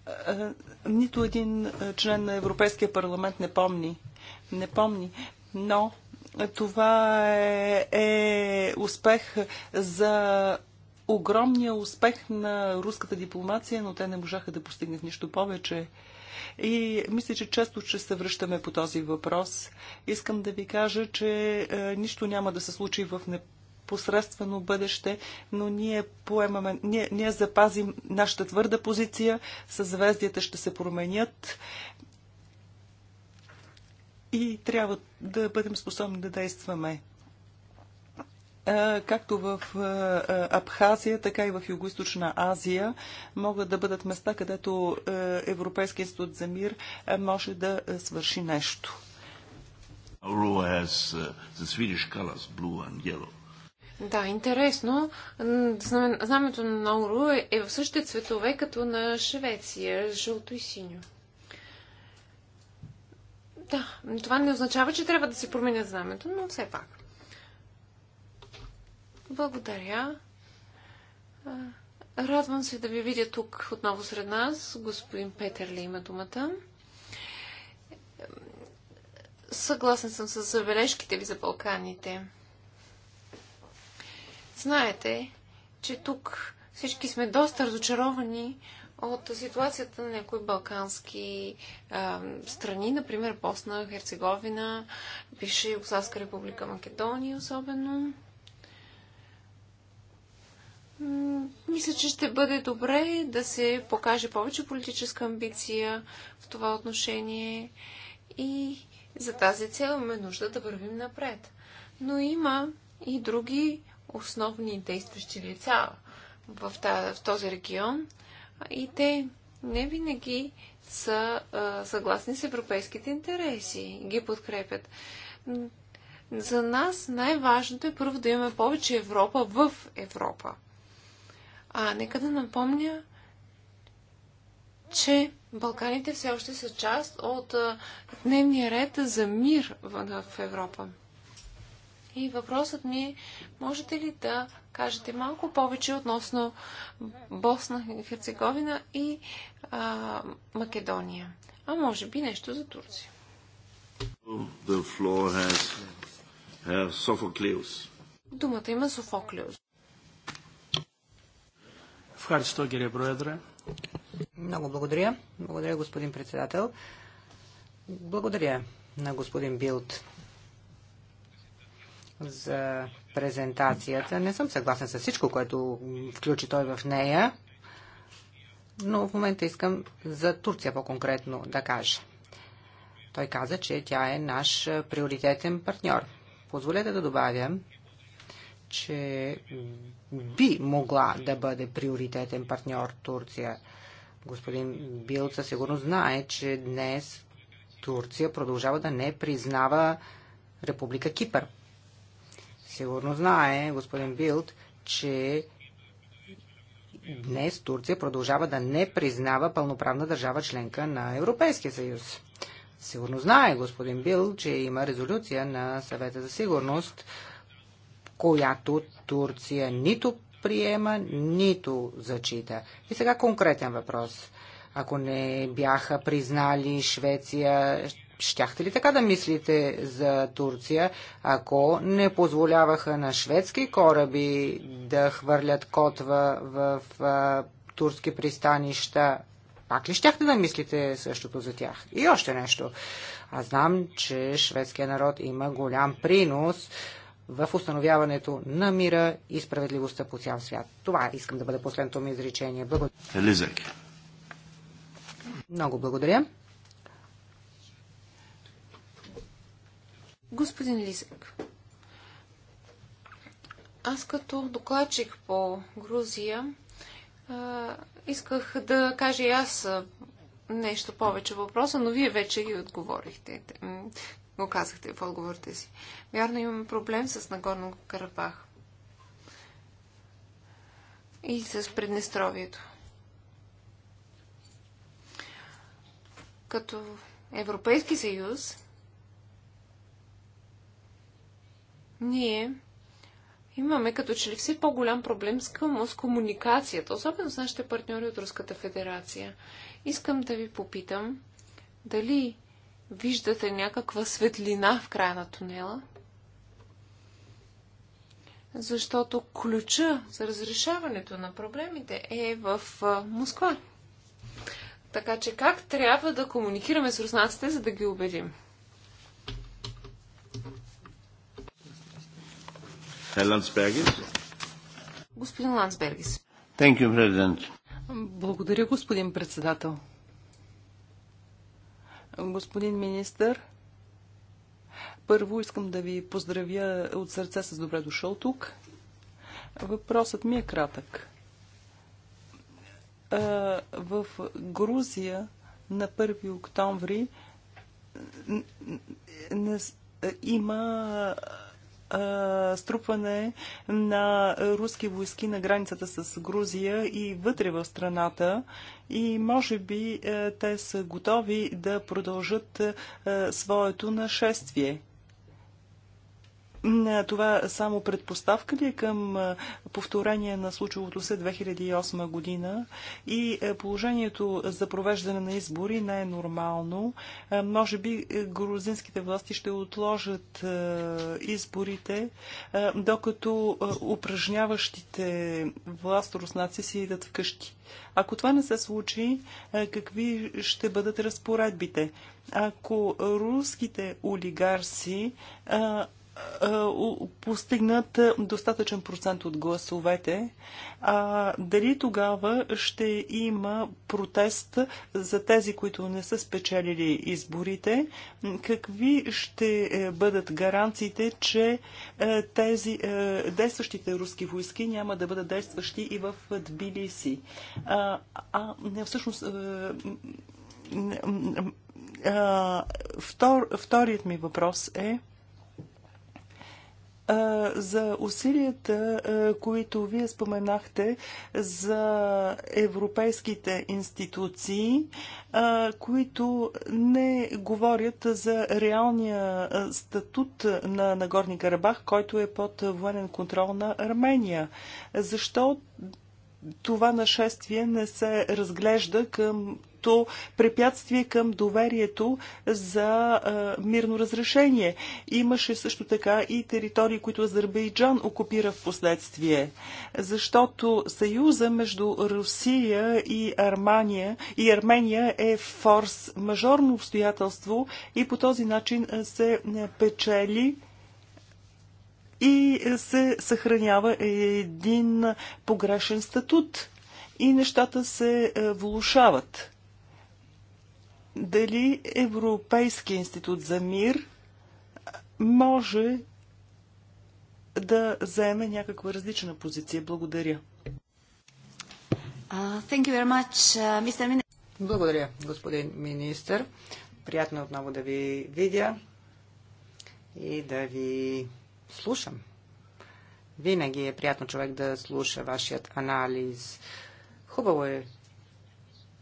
Е, е, нито един е, член на Европейския парламент не помни. Не помни. Но това е, е успех за огромния успех на руската дипломация, но те не можаха да постигнат нищо повече. И мисля, че често ще се връщаме по този въпрос. Искам да ви кажа, че е, нищо няма да се случи в посредствено бъдеще, но ние поемаме, ние, ние запазим нашата твърда позиция, съзвездията ще се променят и трябва да бъдем способни да действаме. Както в Абхазия, така и в Юго-Источна Азия могат да бъдат места, където Европейския институт за мир може да свърши нещо. Aurora has uh, the Swedish colors, blue and yellow. Да, интересно. Знамето на Науру е, е в същите цветове, като на Швеция, жълто и синьо. Да, това не означава, че трябва да се променя знамето, но все пак. Благодаря. Радвам се да ви видя тук отново сред нас. Господин Петър ли има думата? Съгласен съм с забележките ви за Балканите. Знаете, че тук всички сме доста разочаровани от ситуацията на някои балкански а, страни, например Босна, Херцеговина, бивша Югославска република Македония особено. Мисля, че ще бъде добре да се покаже повече политическа амбиция в това отношение и за тази цел имаме нужда да вървим напред. Но има и други основни действащи лица в, тази, в този регион и те не винаги са а, съгласни с европейските интереси, ги подкрепят. За нас най-важното е първо да имаме повече Европа в Европа. А нека да напомня, че Балканите все още са част от а, дневния ред за мир в, в Европа. И въпросът ми е, можете ли да кажете малко повече относно Босна, Херцеговина и а, Македония? А може би нещо за Турция. The floor has, has Sophocleus. Думата има Софоклеус. Ευχαριστώ κύριε Πρόεδρε. Много благодаря. Благодаря господин председател. Благодаря на господин Билт за презентацията. Не съм съгласен с всичко, което включи той в нея, но в момента искам за Турция по-конкретно да кажа. Той каза, че тя е наш приоритетен партньор. Позволете да добавя, че би могла да бъде приоритетен партньор Турция. Господин Билт със сигурност знае, че днес Турция продължава да не признава Република Кипър. Сигурно знае господин Билд, че днес Турция продължава да не признава пълноправна държава членка на Европейския съюз. Сигурно знае господин Бил, че има резолюция на съвета за сигурност, която Турция нито приема, нито зачита. И сега конкретен въпрос. Ако не бяха признали Швеция, щяхте ли така да мислите за Турция, ако не позволяваха на шведски кораби да хвърлят котва в а, турски пристанища? Пак ли щяхте да мислите същото за тях? И още нещо. Аз знам, че шведския народ има голям принос в установяването на мира и справедливостта по цял свят. Това искам да бъде последното ми изречение. Благодаря. Елизаки. Много благодаря. Господин Лисък, аз като докладчик по Грузия исках да кажа и аз нещо повече въпроса, но вие вече ги отговорихте. Го казахте в отговорите си. Вярно имаме проблем с Нагорно Карабах и с Преднестровието. Като Европейски съюз ние имаме като че ли все по-голям проблем с, към, с комуникацията, особено с нашите партньори от Руската федерация. Искам да ви попитам дали виждате някаква светлина в края на тунела, защото ключа за разрешаването на проблемите е в Москва. Така че как трябва да комуникираме с руснаците, за да ги убедим? Господин Лансбергис. You, Благодаря, господин председател. Господин министър, първо искам да ви поздравя от сърце с добре дошъл тук. Въпросът ми е кратък. В Грузия на 1 октомври има а, струпване на руски войски на границата с Грузия и вътре в страната и може би а, те са готови да продължат а, своето нашествие. Това само предпоставка ли е към повторение на случилото се 2008 година и е, положението за провеждане на избори не е нормално. Е, може би е, грузинските власти ще отложат изборите, докато упражняващите власт руснаци си идат вкъщи. Ако това не се случи, какви ще бъдат разпоредбите? Ако руските олигарси е, постигнат е, достатъчен процент от гласовете, а дали тогава ще има протест за тези, които не са спечелили изборите, какви ще е, бъдат гаранциите, че тези действащите руски войски няма да бъдат действащи и в Тбилиси. А, а всъщност а, втор, вторият ми въпрос е за усилията, които вие споменахте за европейските институции, които не говорят за реалния статут на Нагорни Карабах, който е под военен контрол на Армения. Защо това нашествие не се разглежда към като препятствие към доверието за мирно разрешение. Имаше също така и територии, които Азербайджан окупира в последствие, защото съюза между Русия и Армания и Армения е форс мажорно обстоятелство и по този начин се печели и се съхранява един погрешен статут и нещата се влушават дали Европейски институт за мир може да заеме някаква различна позиция. Благодаря. Uh, much, uh, Благодаря, господин министр. Приятно е отново да ви видя и да ви слушам. Винаги е приятно човек да слуша вашият анализ. Хубаво е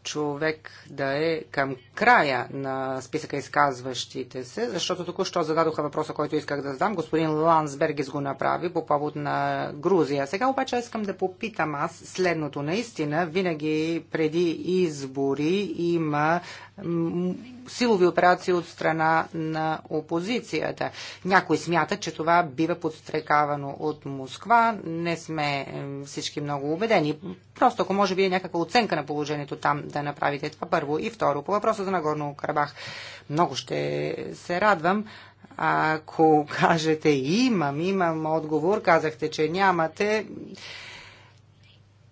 човек да е към края на списъка изказващите се, защото току-що зададоха въпроса, който исках да задам. Господин Лансбергис го направи по повод на Грузия. Сега обаче искам да попитам аз следното. Наистина, винаги преди избори има силови операции от страна на опозицията. Някой смята, че това бива подстрекавано от Москва. Не сме всички много убедени. Просто ако може би е някаква оценка на положението там да направите това първо. И второ, по въпроса за Нагорно Карабах, много ще се радвам, ако кажете имам, имам отговор, казахте, че нямате.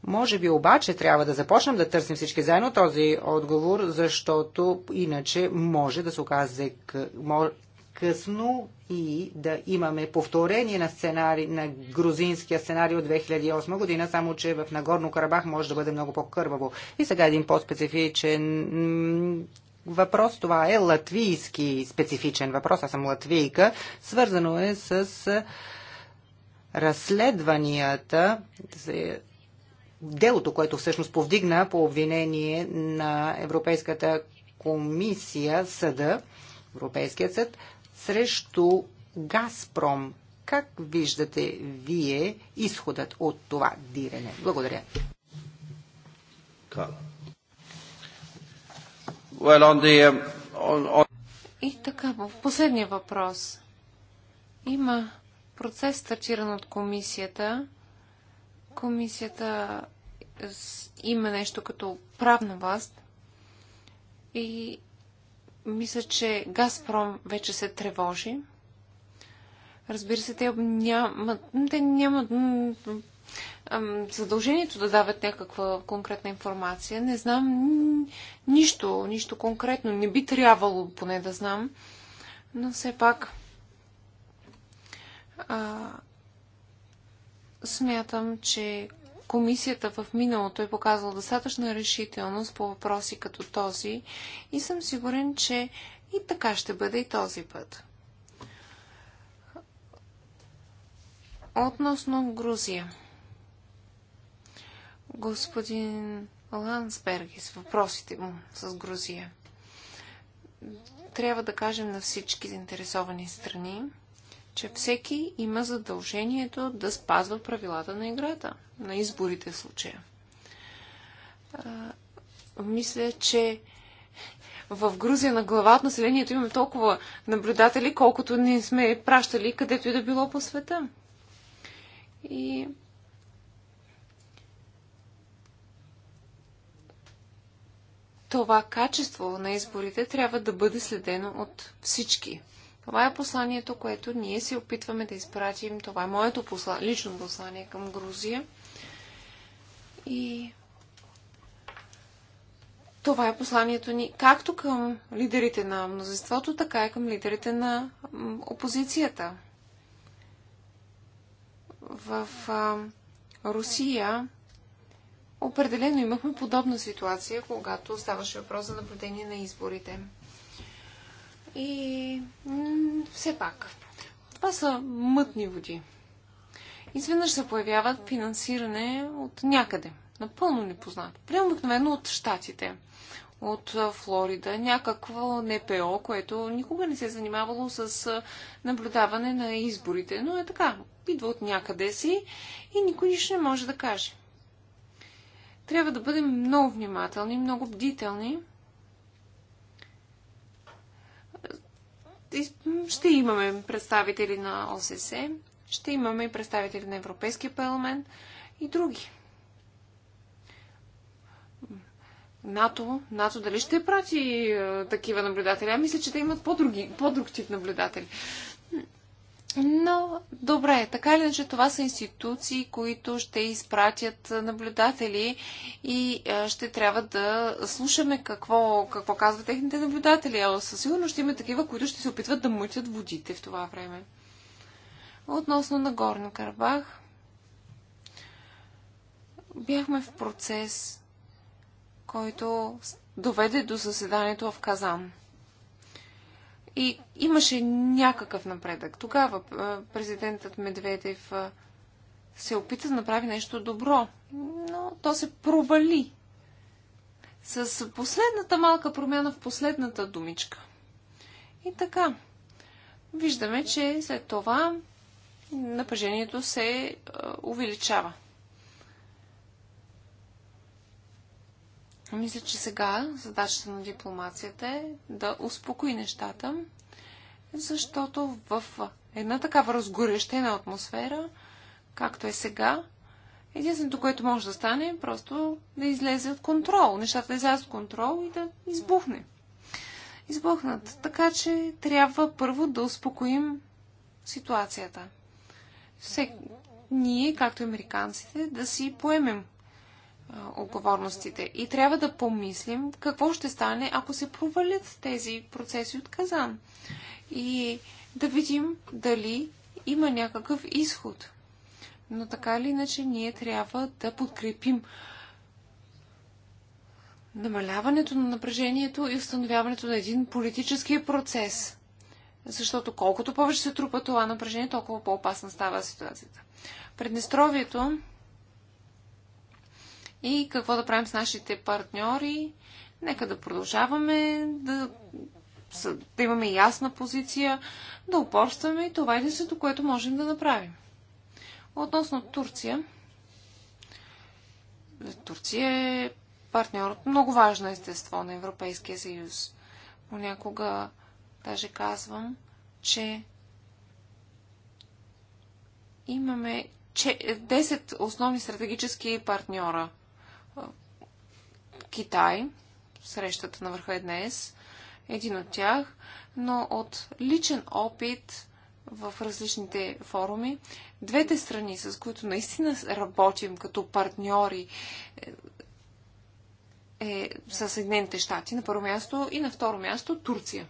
Може би обаче трябва да започнем да търсим всички заедно този отговор, защото иначе може да се окаже, късно и да имаме повторение на, сценари, на грузинския сценарий от 2008 година, само че в Нагорно Карабах може да бъде много по-кърваво. И сега един по-специфичен въпрос. Това е латвийски специфичен въпрос. Аз съм латвийка. Свързано е с разследванията, делото, което всъщност повдигна по обвинение на Европейската комисия, съда, Европейският съд, срещу Газпром. Как виждате вие изходът от това дирене? Благодаря. Well, on the, um, on, on... И така, в последния въпрос. Има процес, стартиран от комисията. Комисията има нещо като правна власт и мисля, че Газпром вече се тревожи. Разбира се, те нямат, те нямат задължението да дават някаква конкретна информация. Не знам нищо, нищо конкретно. Не би трябвало поне да знам. Но все пак а, смятам, че Комисията в миналото е показала достатъчна решителност по въпроси като този и съм сигурен, че и така ще бъде и този път. Относно Грузия. Господин Лансбергис, въпросите му с Грузия. Трябва да кажем на всички заинтересовани страни, че всеки има задължението да спазва правилата на играта, на изборите в случая. А, мисля, че в Грузия на глава от населението имаме толкова наблюдатели, колкото не сме пращали където и да било по света. И това качество на изборите трябва да бъде следено от всички това е посланието, което ние се опитваме да изпратим. Това е моето посла... лично послание към Грузия. И това е посланието ни както към лидерите на мнозинството, така и към лидерите на опозицията. В а, Русия определено имахме подобна ситуация, когато ставаше въпрос за наблюдение на изборите. И все пак, това са мътни води. Изведнъж се появяват финансиране от някъде. Напълно непознато. Прямо обикновено от щатите. От Флорида. Някакво НПО, което никога не се е занимавало с наблюдаване на изборите. Но е така. Идва от някъде си и никой нищо не може да каже. Трябва да бъдем много внимателни, много бдителни ще имаме представители на ОССЕ, ще имаме и представители на Европейския парламент и други. НАТО, НАТО дали ще прати е, такива наблюдатели? А мисля, че те имат по-друг тип наблюдатели. Но, добре, така или иначе това са институции, които ще изпратят наблюдатели и ще трябва да слушаме какво, какво казват техните наблюдатели. А със сигурност ще има такива, които ще се опитват да мутят водите в това време. Относно на Горно Карабах, бяхме в процес, който доведе до заседанието в Казан – и имаше някакъв напредък. Тогава президентът Медведев се опита да направи нещо добро, но то се провали. С последната малка промяна в последната думичка. И така. Виждаме, че след това напрежението се увеличава. Мисля, че сега задачата на дипломацията е да успокои нещата, защото в една такава разгорещена атмосфера, както е сега, единственото, което може да стане е просто да излезе от контрол. Нещата да излязат от контрол и да избухне. Избухнат. Така че трябва първо да успокоим ситуацията. Все, Ние, както американците, да си поемем отговорностите. И трябва да помислим какво ще стане, ако се провалят тези процеси от Казан. И да видим дали има някакъв изход. Но така или иначе ние трябва да подкрепим намаляването на напрежението и установяването на един политически процес. Защото колкото повече се трупа това напрежение, толкова по-опасна става ситуацията. Преднестровието и какво да правим с нашите партньори. Нека да продължаваме да, да имаме ясна позиция, да упорстваме и това е единственото, което можем да направим. Относно Турция, Турция е партньор от много важно естество на Европейския съюз. Понякога даже казвам, че имаме 10 основни стратегически партньора. Китай, срещата на върха е днес, един от тях, но от личен опит в различните форуми, двете страни, с които наистина работим като партньори, е, е, са Съединените щати на първо място и на второ място Турция.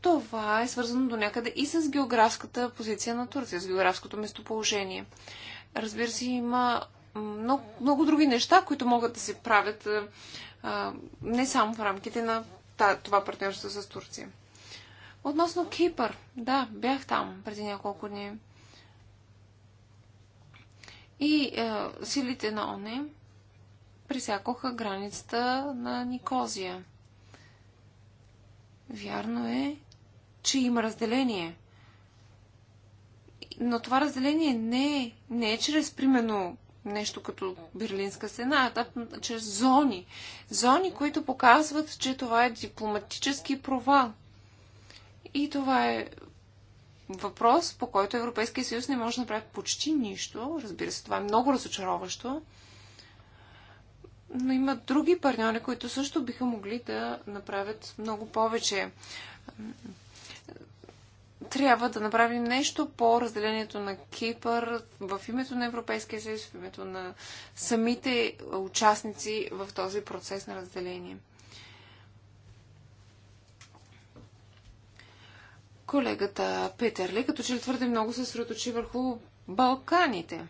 Това е свързано до някъде и с географската позиция на Турция, с географското местоположение. Разбира се, има много, много други неща, които могат да се правят а, не само в рамките на това партньорство с Турция. Относно Кипър, да, бях там преди няколко дни. И а, силите на ОНЕ пресякоха границата на Никозия. Вярно е, че има разделение. Но това разделение не е, не е чрез, примерно, нещо като Берлинска сена, а чрез зони. Зони, които показват, че това е дипломатически провал. И това е въпрос, по който Европейския съюз не може да направи почти нищо. Разбира се, това е много разочароващо. Но има други партньори, които също биха могли да направят много повече трябва да направим нещо по разделението на Кипър в името на Европейския съюз, в името на самите участници в този процес на разделение. Колегата Петър Ли, като че твърде много се средоточи върху Балканите.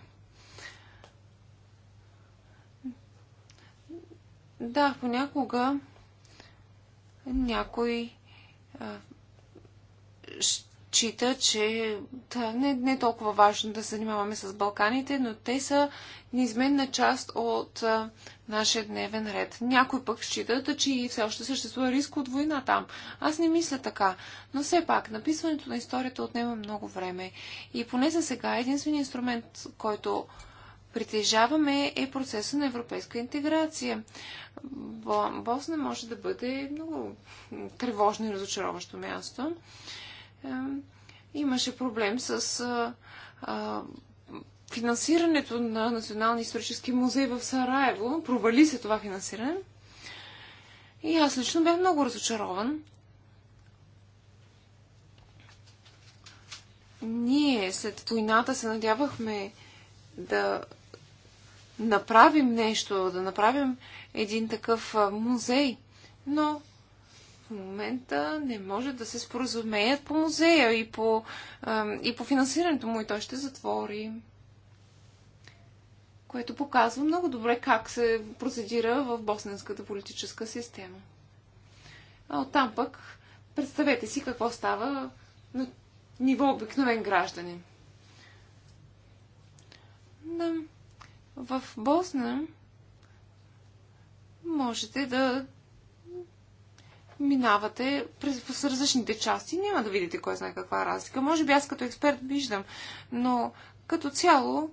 Да, понякога някой ще счита, че да, не, не е толкова важно да се занимаваме с Балканите, но те са неизменна част от а, нашия дневен ред. Някой пък считат, че и все още съществува риск от война там. Аз не мисля така. Но все пак, написването на историята отнема много време. И поне за сега единственият инструмент, който притежаваме е процеса на европейска интеграция. Босна може да бъде много тревожно и разочароващо място. Е, имаше проблем с финансирането на Националния исторически музей в Сараево. Провали се това финансиране. И аз лично бях много разочарован. Ние след войната се надявахме да направим нещо, да направим един такъв музей, но момента не може да се споразумеят по музея и по, и по финансирането му и той ще затвори. Което показва много добре как се процедира в босненската политическа система. А оттам пък представете си какво става на ниво обикновен гражданин. Да. В Босна можете да минавате през различните части, няма да видите кой знае каква е разлика. Може би аз като експерт виждам, но като цяло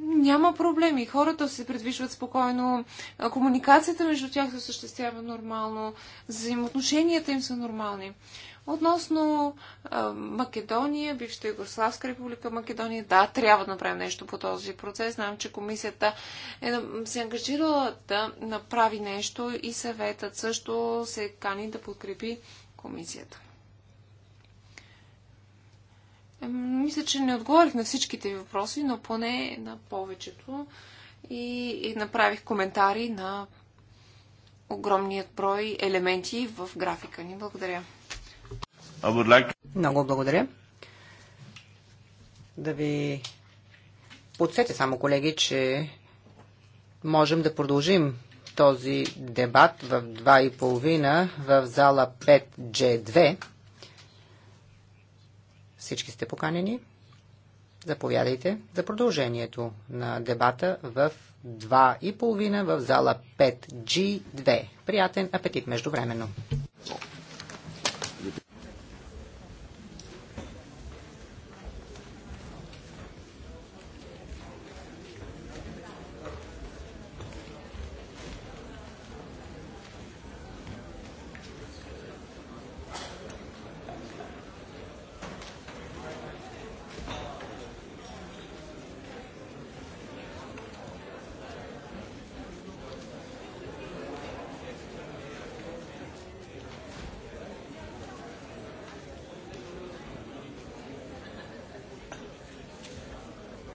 няма проблеми. Хората се предвижват спокойно, комуникацията между тях се осъществява нормално, взаимоотношенията им са нормални. Относно а, Македония, бившата Югославска република Македония, да, трябва да направим нещо по този процес. Знам, че комисията е, се е ангажирала да направи нещо и съветът също се кани да подкрепи комисията. Мисля, че не отговорих на всичките ви въпроси, но поне на повечето и, и направих коментари на огромният брой елементи в графика ни. Благодаря. Много благодаря. Да ви подсетя само, колеги, че можем да продължим този дебат в 2.30 в зала 5G2. Всички сте поканени. Заповядайте за продължението на дебата в 2.30 в зала 5G2. Приятен апетит междувременно!